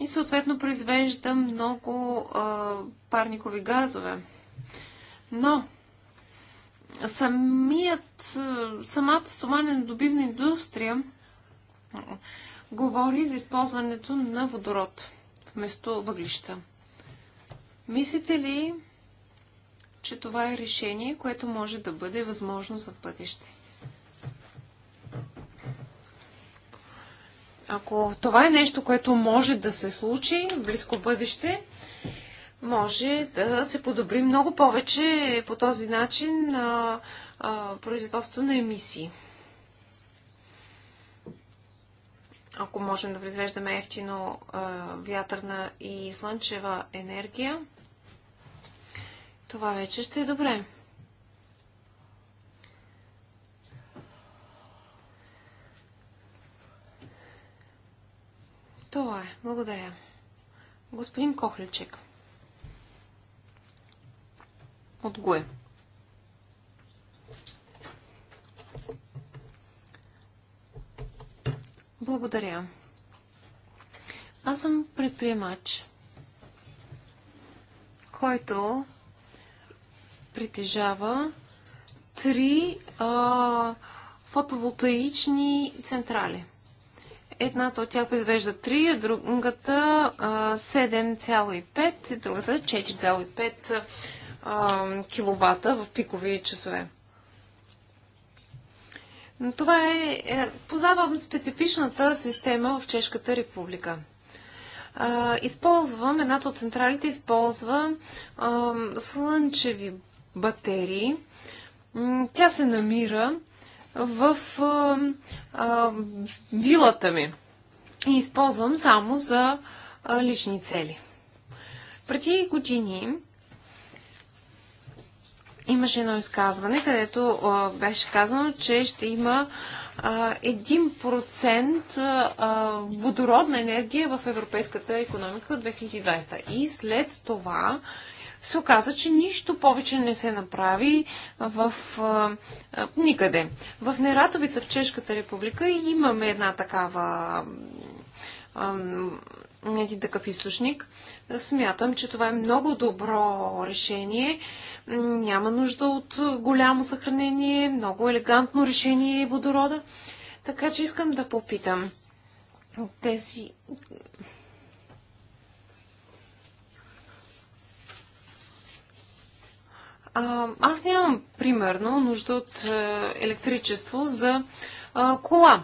и съответно произвежда много а, парникови газове. Но самият, самата стоманена добивна индустрия говори за използването на водород вместо въглища. Мислите ли, че това е решение, което може да бъде възможно за бъдеще? Ако това е нещо, което може да се случи в близко бъдеще, може да се подобри много повече по този начин на производство на емисии. ако можем да произвеждаме ефтино вятърна и слънчева енергия, това вече ще е добре. Това е. Благодаря. Господин Кохличек. От Гуе. Благодаря. Аз съм предприемач, който притежава три а, фотоволтаични централи. Едната от тях произвежда 3, а другата 7,5, и другата 4,5 киловата в пикови часове. Но това е, е познавам специфичната система в Чешката република. А, използвам, едната от централите използва а, слънчеви батерии. Тя се намира в а, а, вилата ми и използвам само за а, лични цели. Преди години имаше едно изказване, където а, беше казано, че ще има един процент водородна енергия в европейската економика от 2020. И след това се оказа, че нищо повече не се направи в а, а, никъде. В Нератовица в Чешката република имаме една такава а, един такъв източник. Смятам, че това е много добро решение няма нужда от голямо съхранение, много елегантно решение е водорода. Така че искам да попитам тези. А, аз нямам, примерно, нужда от е, електричество за а, кола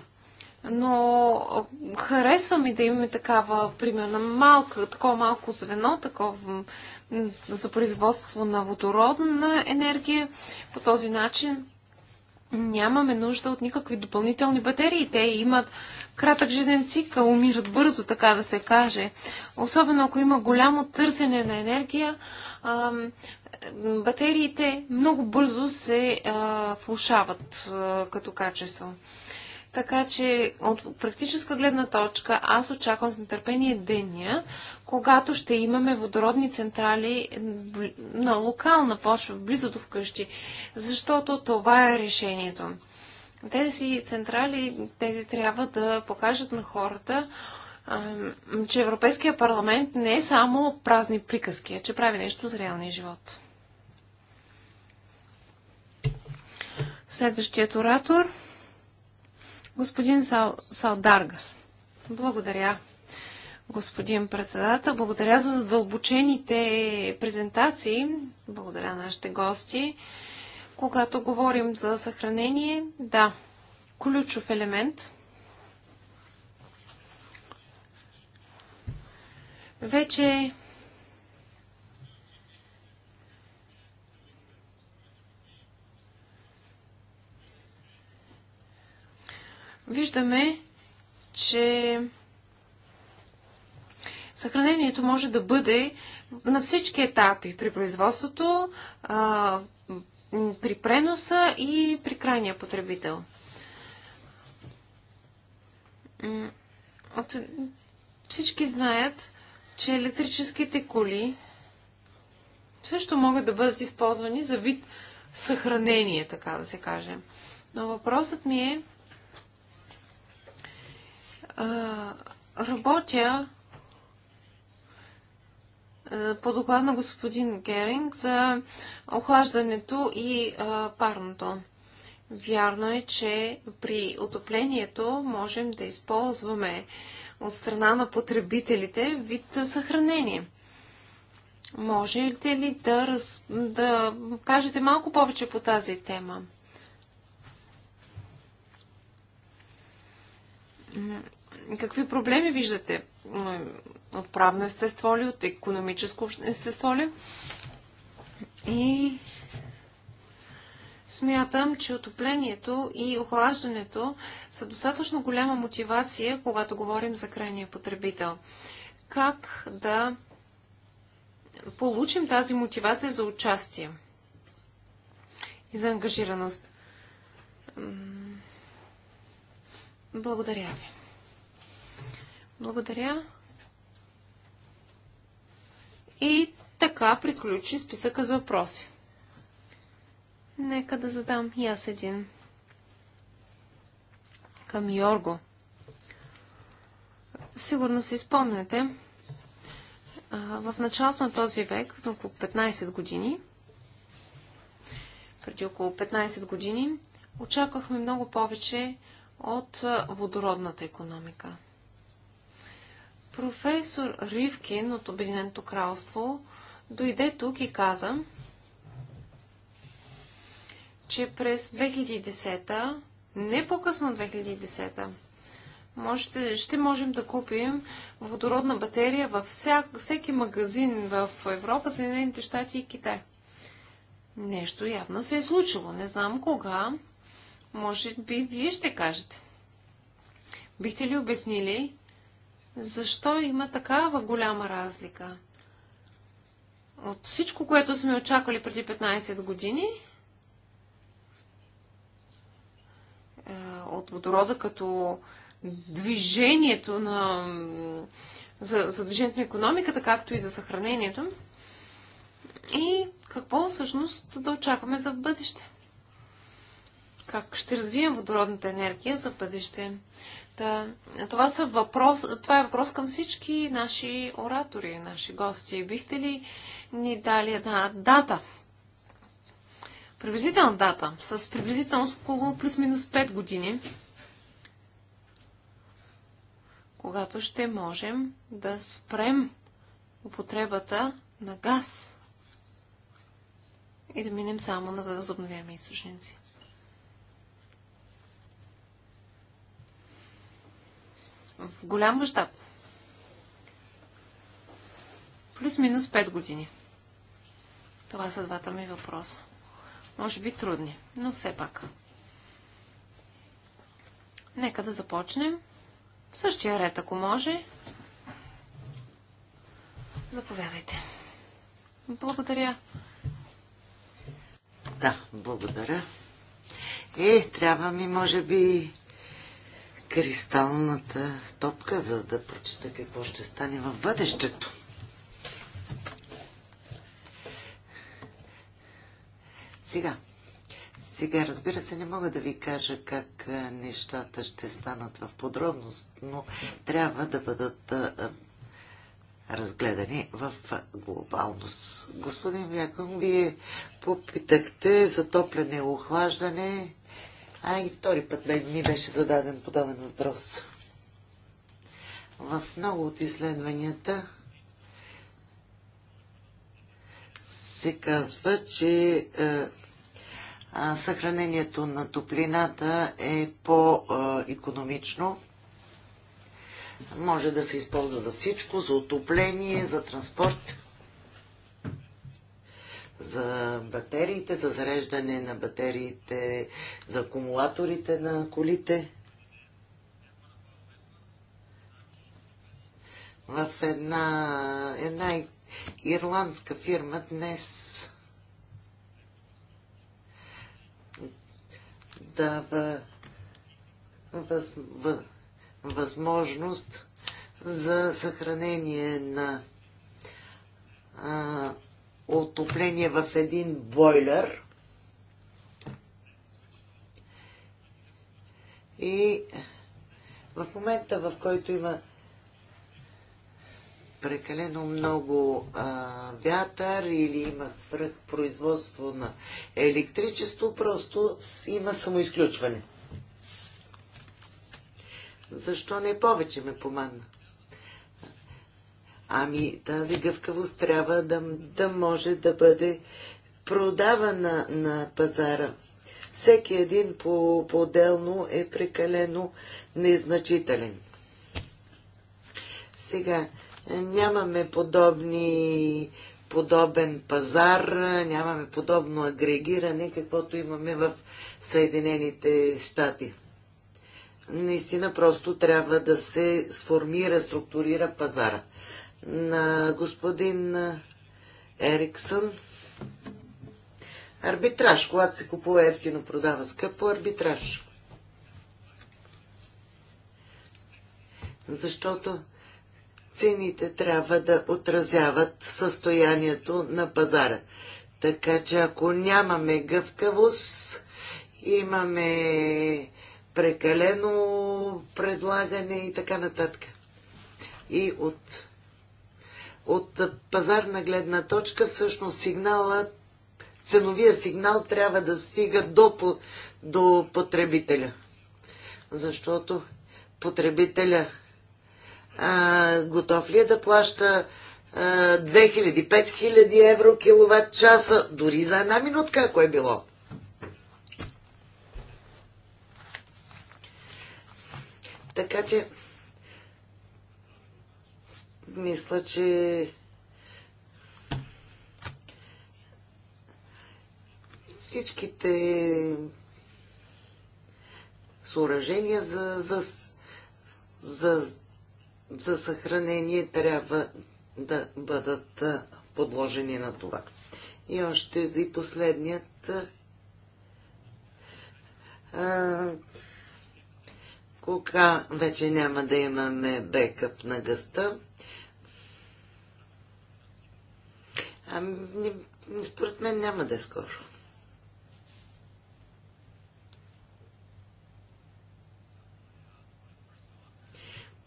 но харесва ми да имаме такава, примерно, малка, такова малко звено, такова за производство на водородна енергия. По този начин нямаме нужда от никакви допълнителни батерии. Те имат кратък жизнен цикъл, умират бързо, така да се каже. Особено ако има голямо търсене на енергия, батериите много бързо се влушават като качество. Така че от практическа гледна точка аз очаквам с нетърпение деня, когато ще имаме водородни централи на локална почва, близо до вкъщи, защото това е решението. Тези централи, тези трябва да покажат на хората, че Европейския парламент не е само празни приказки, а че прави нещо за реалния живот. Следващият оратор – Господин Сал, Салдаргас. Благодаря, господин председател. Благодаря за задълбочените презентации. Благодаря на нашите гости. Когато говорим за съхранение, да, ключов елемент. Вече виждаме, че съхранението може да бъде на всички етапи при производството, при преноса и при крайния потребител. От... Всички знаят, че електрическите коли също могат да бъдат използвани за вид съхранение, така да се каже. Но въпросът ми е, работя по доклад на господин Геринг за охлаждането и парното. Вярно е, че при отоплението можем да използваме от страна на потребителите вид съхранение. Можете ли да, раз... да кажете малко повече по тази тема? Какви проблеми виждате? От правно естество ли, от економическо естество ли? И смятам, че отоплението и охлаждането са достатъчно голяма мотивация, когато говорим за крайния потребител. Как да получим тази мотивация за участие и за ангажираност? Благодаря ви. Благодаря. И така приключи списъка за въпроси. Нека да задам и аз един. Към Йорго. Сигурно си спомняте, в началото на този век, на около 15 години, преди около 15 години, очаквахме много повече от водородната економика. Професор Ривкин от Обединеното кралство дойде тук и каза, че през 2010, не по-късно 2010, можете, ще можем да купим водородна батерия във вся, всеки магазин в Европа, Съединените щати и Китай. Нещо явно се е случило. Не знам кога. Може би вие ще кажете. Бихте ли обяснили защо има такава голяма разлика? От всичко, което сме очаквали преди 15 години, е, от водорода като движението на, за, за движението на економиката, както и за съхранението. И какво всъщност да очакваме за бъдеще? как ще развием водородната енергия за бъдеще. Та, това, са въпрос, това е въпрос към всички наши оратори, наши гости. Бихте ли ни дали една дата? Приблизителна дата, с приблизително около плюс-минус 5 години, когато ще можем да спрем употребата на газ и да минем само на възобновяеми източници. в голям мащаб. Плюс-минус 5 години. Това са двата ми въпроса. Може би трудни, но все пак. Нека да започнем. В същия ред, ако може. Заповядайте. Благодаря. Да, благодаря. Е, трябва ми, може би, кристалната топка, за да прочета какво ще стане в бъдещето. Сега. Сега, разбира се, не мога да ви кажа как нещата ще станат в подробност, но трябва да бъдат разгледани в глобалност. Господин Вякон, вие попитахте за и охлаждане. А и втори път ми беше зададен подобен въпрос. В много от изследванията се казва, че е, съхранението на топлината е по-економично. Може да се използва за всичко, за отопление, за транспорт за батериите, за зареждане на батериите, за акумулаторите на колите. В една, една ирландска фирма днес дава въз, въз, възможност за съхранение на а, отопление в един бойлер и в момента, в който има прекалено много а, вятър или има свръхпроизводство на електричество, просто има самоизключване. Защо не повече ме помадна? Ами тази гъвкавост трябва да, да може да бъде продавана на пазара. Всеки един по-отделно е прекалено незначителен. Сега, нямаме подобни подобен пазар, нямаме подобно агрегиране, каквото имаме в Съединените щати. Наистина просто трябва да се сформира, структурира пазара на господин Ериксън. Арбитраж. Когато се купува ефтино, продава скъпо арбитраж. Защото цените трябва да отразяват състоянието на пазара. Така че ако нямаме гъвкавост, имаме прекалено предлагане и така нататък. И от от пазарна гледна точка всъщност сигнала, ценовия сигнал трябва да стига до, до потребителя. Защото потребителя а, готов ли е да плаща 2000-5000 евро киловатт часа, дори за една минутка, ако е било. Така че мисля, че всичките съоръжения за, за, за, за съхранение трябва да бъдат подложени на това. И още и последният а, кога вече няма да имаме бекъп на гъста. Ами, според мен няма да е скоро.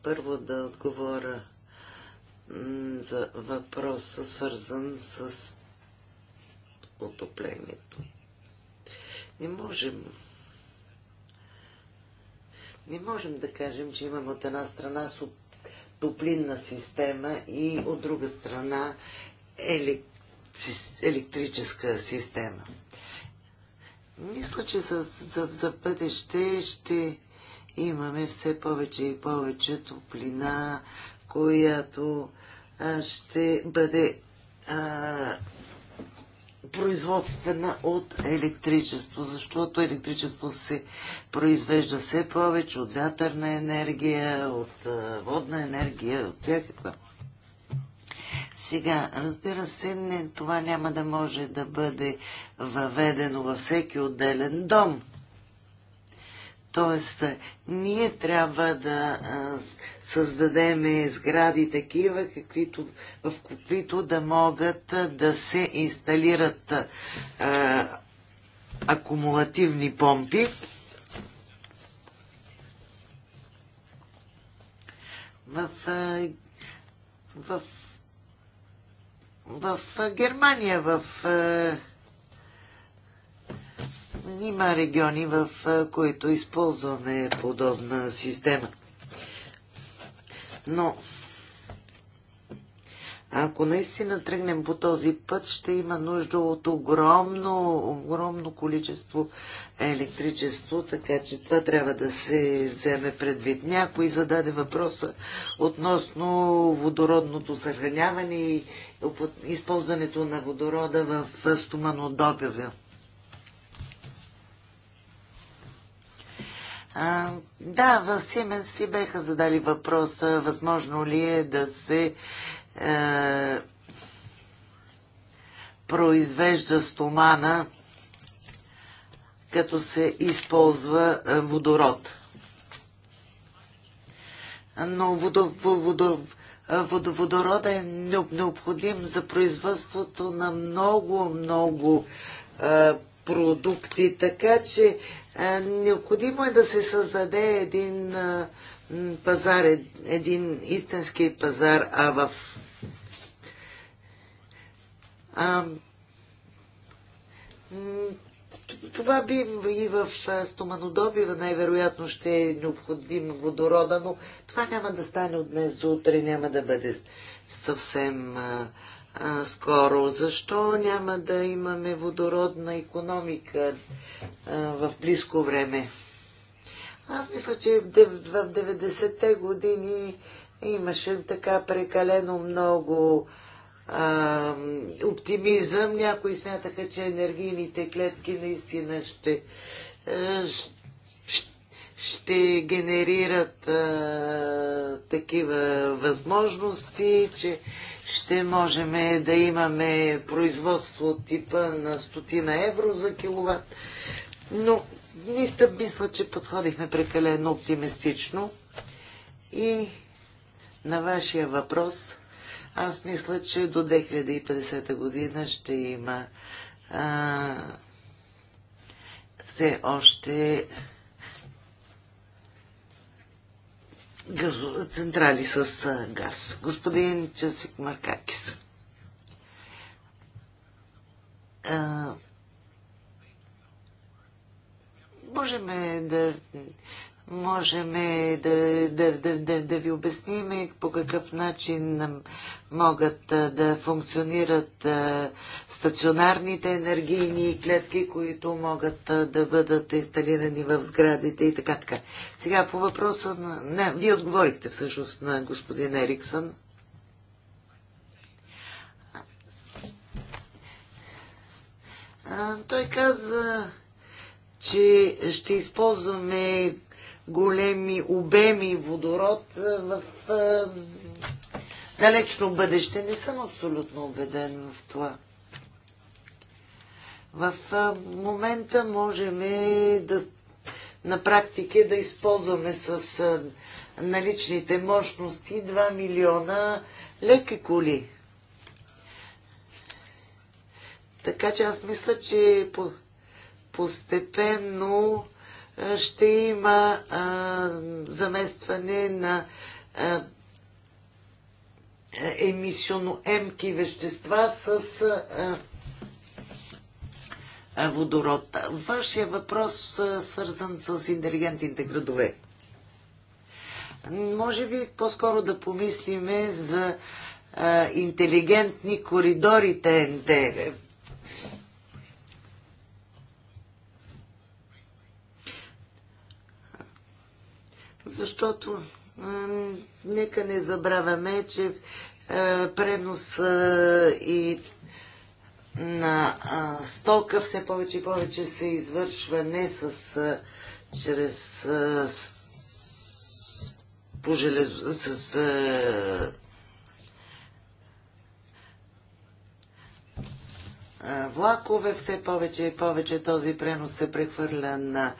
Първо да отговоря за въпроса, свързан с отоплението. Не можем не можем да кажем, че имаме от една страна топлинна система и от друга страна елек електрическа система. Мисля, че за, за, за бъдеще ще имаме все повече и повече топлина, която а, ще бъде а, производствена от електричество, защото електричество се произвежда все повече от вятърна енергия, от водна енергия, от всякаква. Сега, разбира се, не, това няма да може да бъде въведено във всеки отделен дом. Тоест, ние трябва да създадем сгради такива, каквито, в каквито да могат да се инсталират а, акумулативни помпи. В, в в Германия, в има региони, в които използваме подобна система. Но ако наистина тръгнем по този път, ще има нужда от огромно, огромно количество електричество, така че това трябва да се вземе предвид. Някой зададе въпроса относно водородното съхраняване и използването на водорода в стоманодобива. А, да, в Сименс си беха задали въпроса, възможно ли е да се е, произвежда стомана, като се използва е, водород. Но водо, водо, водо, е, е необходим за производството на много, много е, продукти, така че е, необходимо е да се създаде един е, пазар, един истински пазар, а в а, това би и в стоманодобива най-вероятно ще е необходим водорода, но това няма да стане от днес за утре, няма да бъде съвсем а, а, скоро. Защо няма да имаме водородна економика а, в близко време? Аз мисля, че в 90-те години имаше така прекалено много а, а, оптимизъм. Някои смятаха, че енергийните клетки наистина ще, ще, ще генерират а, такива възможности, че ще можем да имаме производство от типа на стотина евро за киловатт. Но Ниста мисля, че подходихме прекалено оптимистично. И на вашия въпрос аз мисля, че до 2050 година ще има а, все още газо, централи с а, газ. Господин Чесик Маркакис. А, можем да можем е да, да, да, да, да ви обясним по какъв начин могат да функционират стационарните енергийни клетки, които могат да бъдат инсталирани в сградите и така така. Сега по въпроса на... Не, вие отговорихте всъщност на господин Ериксън. Той каза, че ще използваме големи обеми водород е, в е, далечно бъдеще. Не съм абсолютно убеден в това. В е, момента можем да на практика да използваме с наличните мощности 2 милиона леки коли. Така че аз мисля, че постепенно ще има заместване на емисионоемки вещества с водород. Вашия въпрос свързан с интелигентните градове. Може би по-скоро да помислиме за интелигентни коридори ТНТ. Защото нека не забравяме, че пренос и на стока все повече и повече се извършва не с чрез с, по железо, с влакове, все повече и повече този пренос се прехвърля на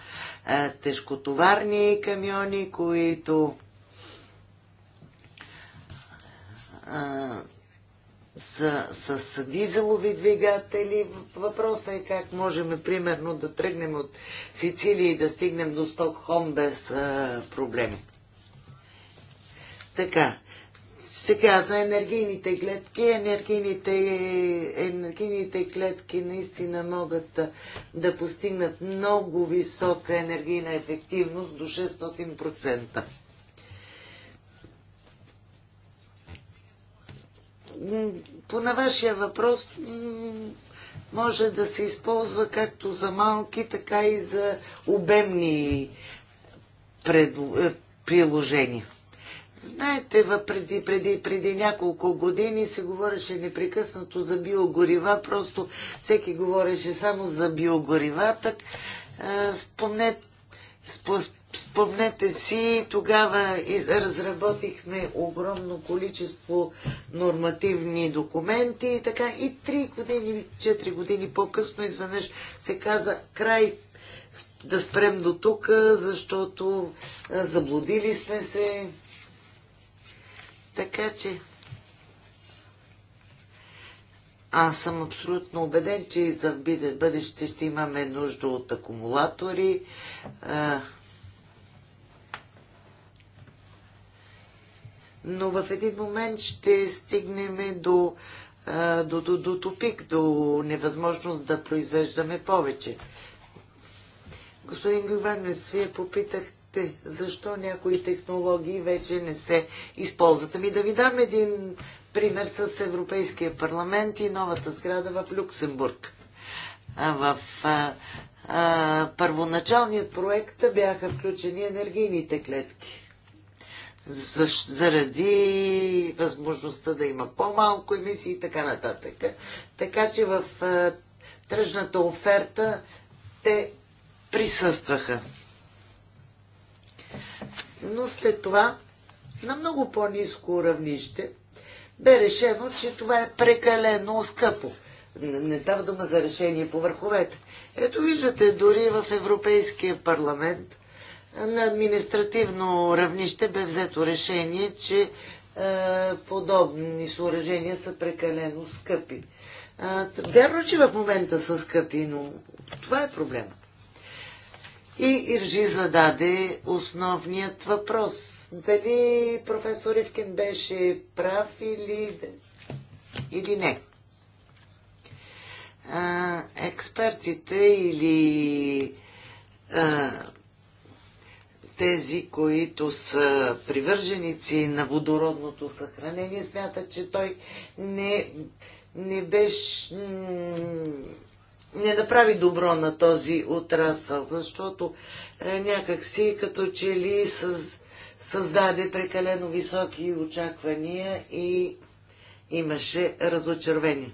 тежкотоварни камиони, които а, с, с дизелови двигатели. Въпросът е как можем, примерно, да тръгнем от Сицилия и да стигнем до Стокхолм без а, проблеми. Така, сега за енергийните клетки. Енергийните, енергийните клетки наистина могат да, да постигнат много висока енергийна ефективност до 600%. По на вашия въпрос може да се използва както за малки, така и за обемни пред, е, приложения. Знаете, преди, преди, преди няколко години се говореше непрекъснато за биогорива, просто всеки говореше само за биогорива. Так, е, спомнете, спомнете си, тогава разработихме огромно количество нормативни документи и така и 3 години, 4 години по-късно изведнъж се каза край да спрем до тук, защото е, заблудили сме се, така че аз съм абсолютно убеден, че и за бъдеще ще имаме нужда от акумулатори. но в един момент ще стигнем до, до, до, до тупик, до невъзможност да произвеждаме повече. Господин Гриванес, вие попитахте те, защо някои технологии вече не се използват. Ами да ви дам един пример с Европейския парламент и новата сграда в Люксембург. А в а, а, първоначалният проект бяха включени енергийните клетки. За, заради възможността да има по-малко емисии и така нататък. Така че в а, тръжната оферта те присъстваха но след това на много по-низко равнище бе решено, че това е прекалено скъпо. Не става дума за решение по върховете. Ето виждате, дори в Европейския парламент на административно равнище бе взето решение, че е, подобни съоръжения са прекалено скъпи. Е, вярно, че в момента са скъпи, но това е проблема. И Иржи зададе основният въпрос. Дали професор Ивкин беше прав или, или не? А, експертите или а, тези, които са привърженици на водородното съхранение, смятат, че той не, не беше не направи добро на този отрасъл, защото е, някак си като че ли със, създаде прекалено високи очаквания и имаше разочервение.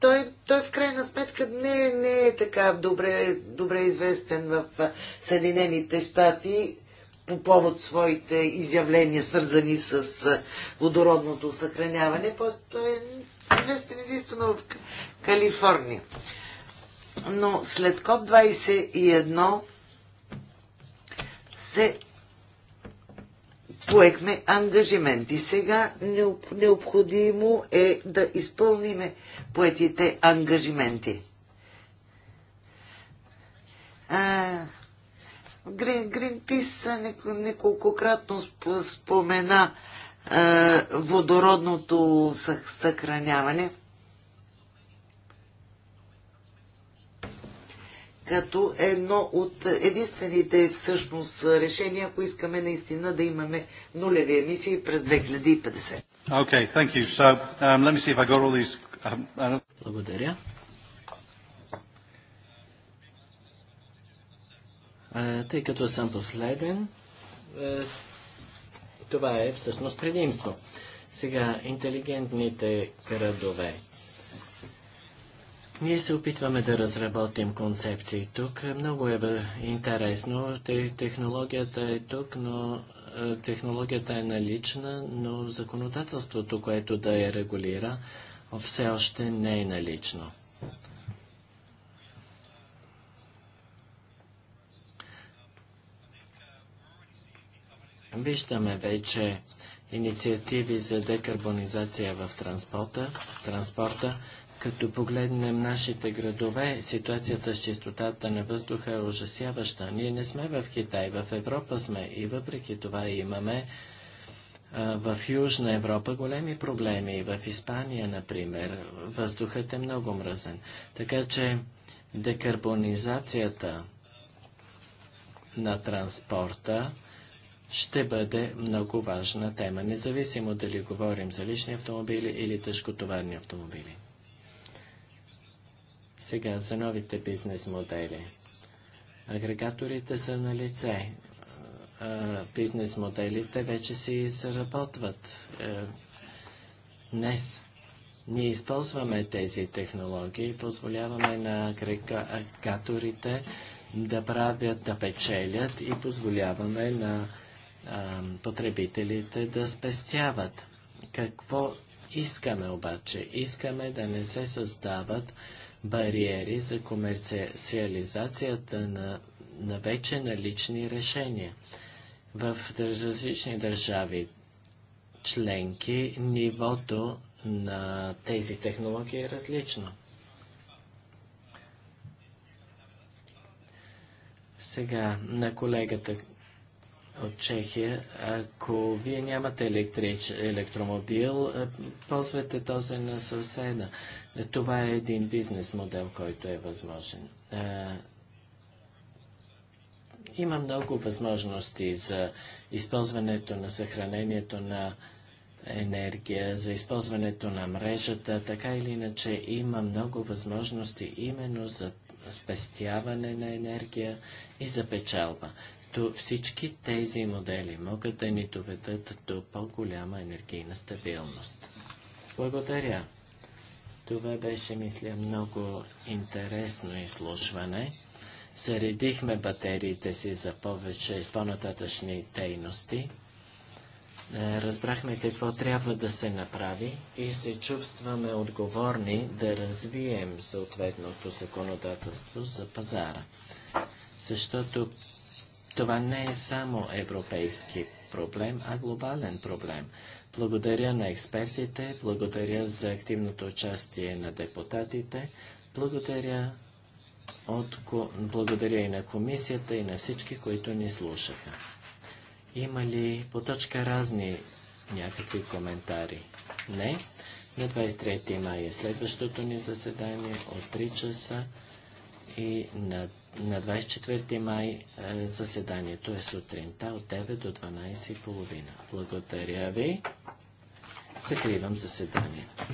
той, той в крайна сметка не, не е така добре, добре известен в Съединените щати по повод своите изявления, свързани с водородното съхраняване. Той е известен единствено в Калифорния. Но след КОП-21 се поехме ангажименти. Сега необходимо е да изпълниме поетите ангажименти. А, Грин, Гринпис неколкократно спомена водородното съхраняване. като едно от единствените всъщност решения, ако искаме наистина да имаме нулеви емисии през 2050. Okay, thank you. So, um, let me see if I got all these... Um, uh, Благодаря. Uh, тъй като съм последен, е, това е всъщност предимство. Сега, интелигентните градове. Ние се опитваме да разработим концепции тук. Много е интересно. Технологията е тук, но е, технологията е налична, но законодателството, което да я регулира, все още не е налично. Виждаме вече инициативи за декарбонизация в транспорта, транспорта. Като погледнем нашите градове, ситуацията с чистотата на въздуха е ужасяваща. Ние не сме в Китай, в Европа сме и въпреки това имаме в Южна Европа големи проблеми. В Испания, например, въздухът е много мразен. Така че декарбонизацията на транспорта ще бъде много важна тема, независимо дали говорим за лични автомобили или тежкотоварни автомобили. Сега за новите бизнес модели. Агрегаторите са на лице. бизнес моделите вече се изработват. Е, днес ние използваме тези технологии и позволяваме на агрегаторите да правят, да печелят и позволяваме на потребителите да спестяват. Какво искаме обаче? Искаме да не се създават бариери за комерциализацията на, на вече налични решения. В различни държави членки нивото на тези технологии е различно. Сега на колегата от Чехия. Ако вие нямате електрич, електромобил, е, ползвате този на съседа. Е, това е един бизнес модел, който е възможен. Е, има много възможности за използването на съхранението на енергия, за използването на мрежата, така или иначе има много възможности именно за спестяване на енергия и за печалба всички тези модели могат да ни доведат до по-голяма енергийна стабилност. Благодаря. Това беше, мисля, много интересно изслушване. Заредихме батериите си за повече по-нататъчни дейности. Е, разбрахме какво трябва да се направи и се чувстваме отговорни да развием съответното законодателство за пазара. Защото това не е само европейски проблем, а глобален проблем. Благодаря на експертите, благодаря за активното участие на депутатите, благодаря, от, благодаря и на комисията и на всички, които ни слушаха. Има ли по точка разни някакви коментари? Не. На 23 май е следващото ни заседание от 3 часа и на на 24 май е, заседанието е сутринта от 9 до 12.30. Благодаря ви. Закривам заседанието.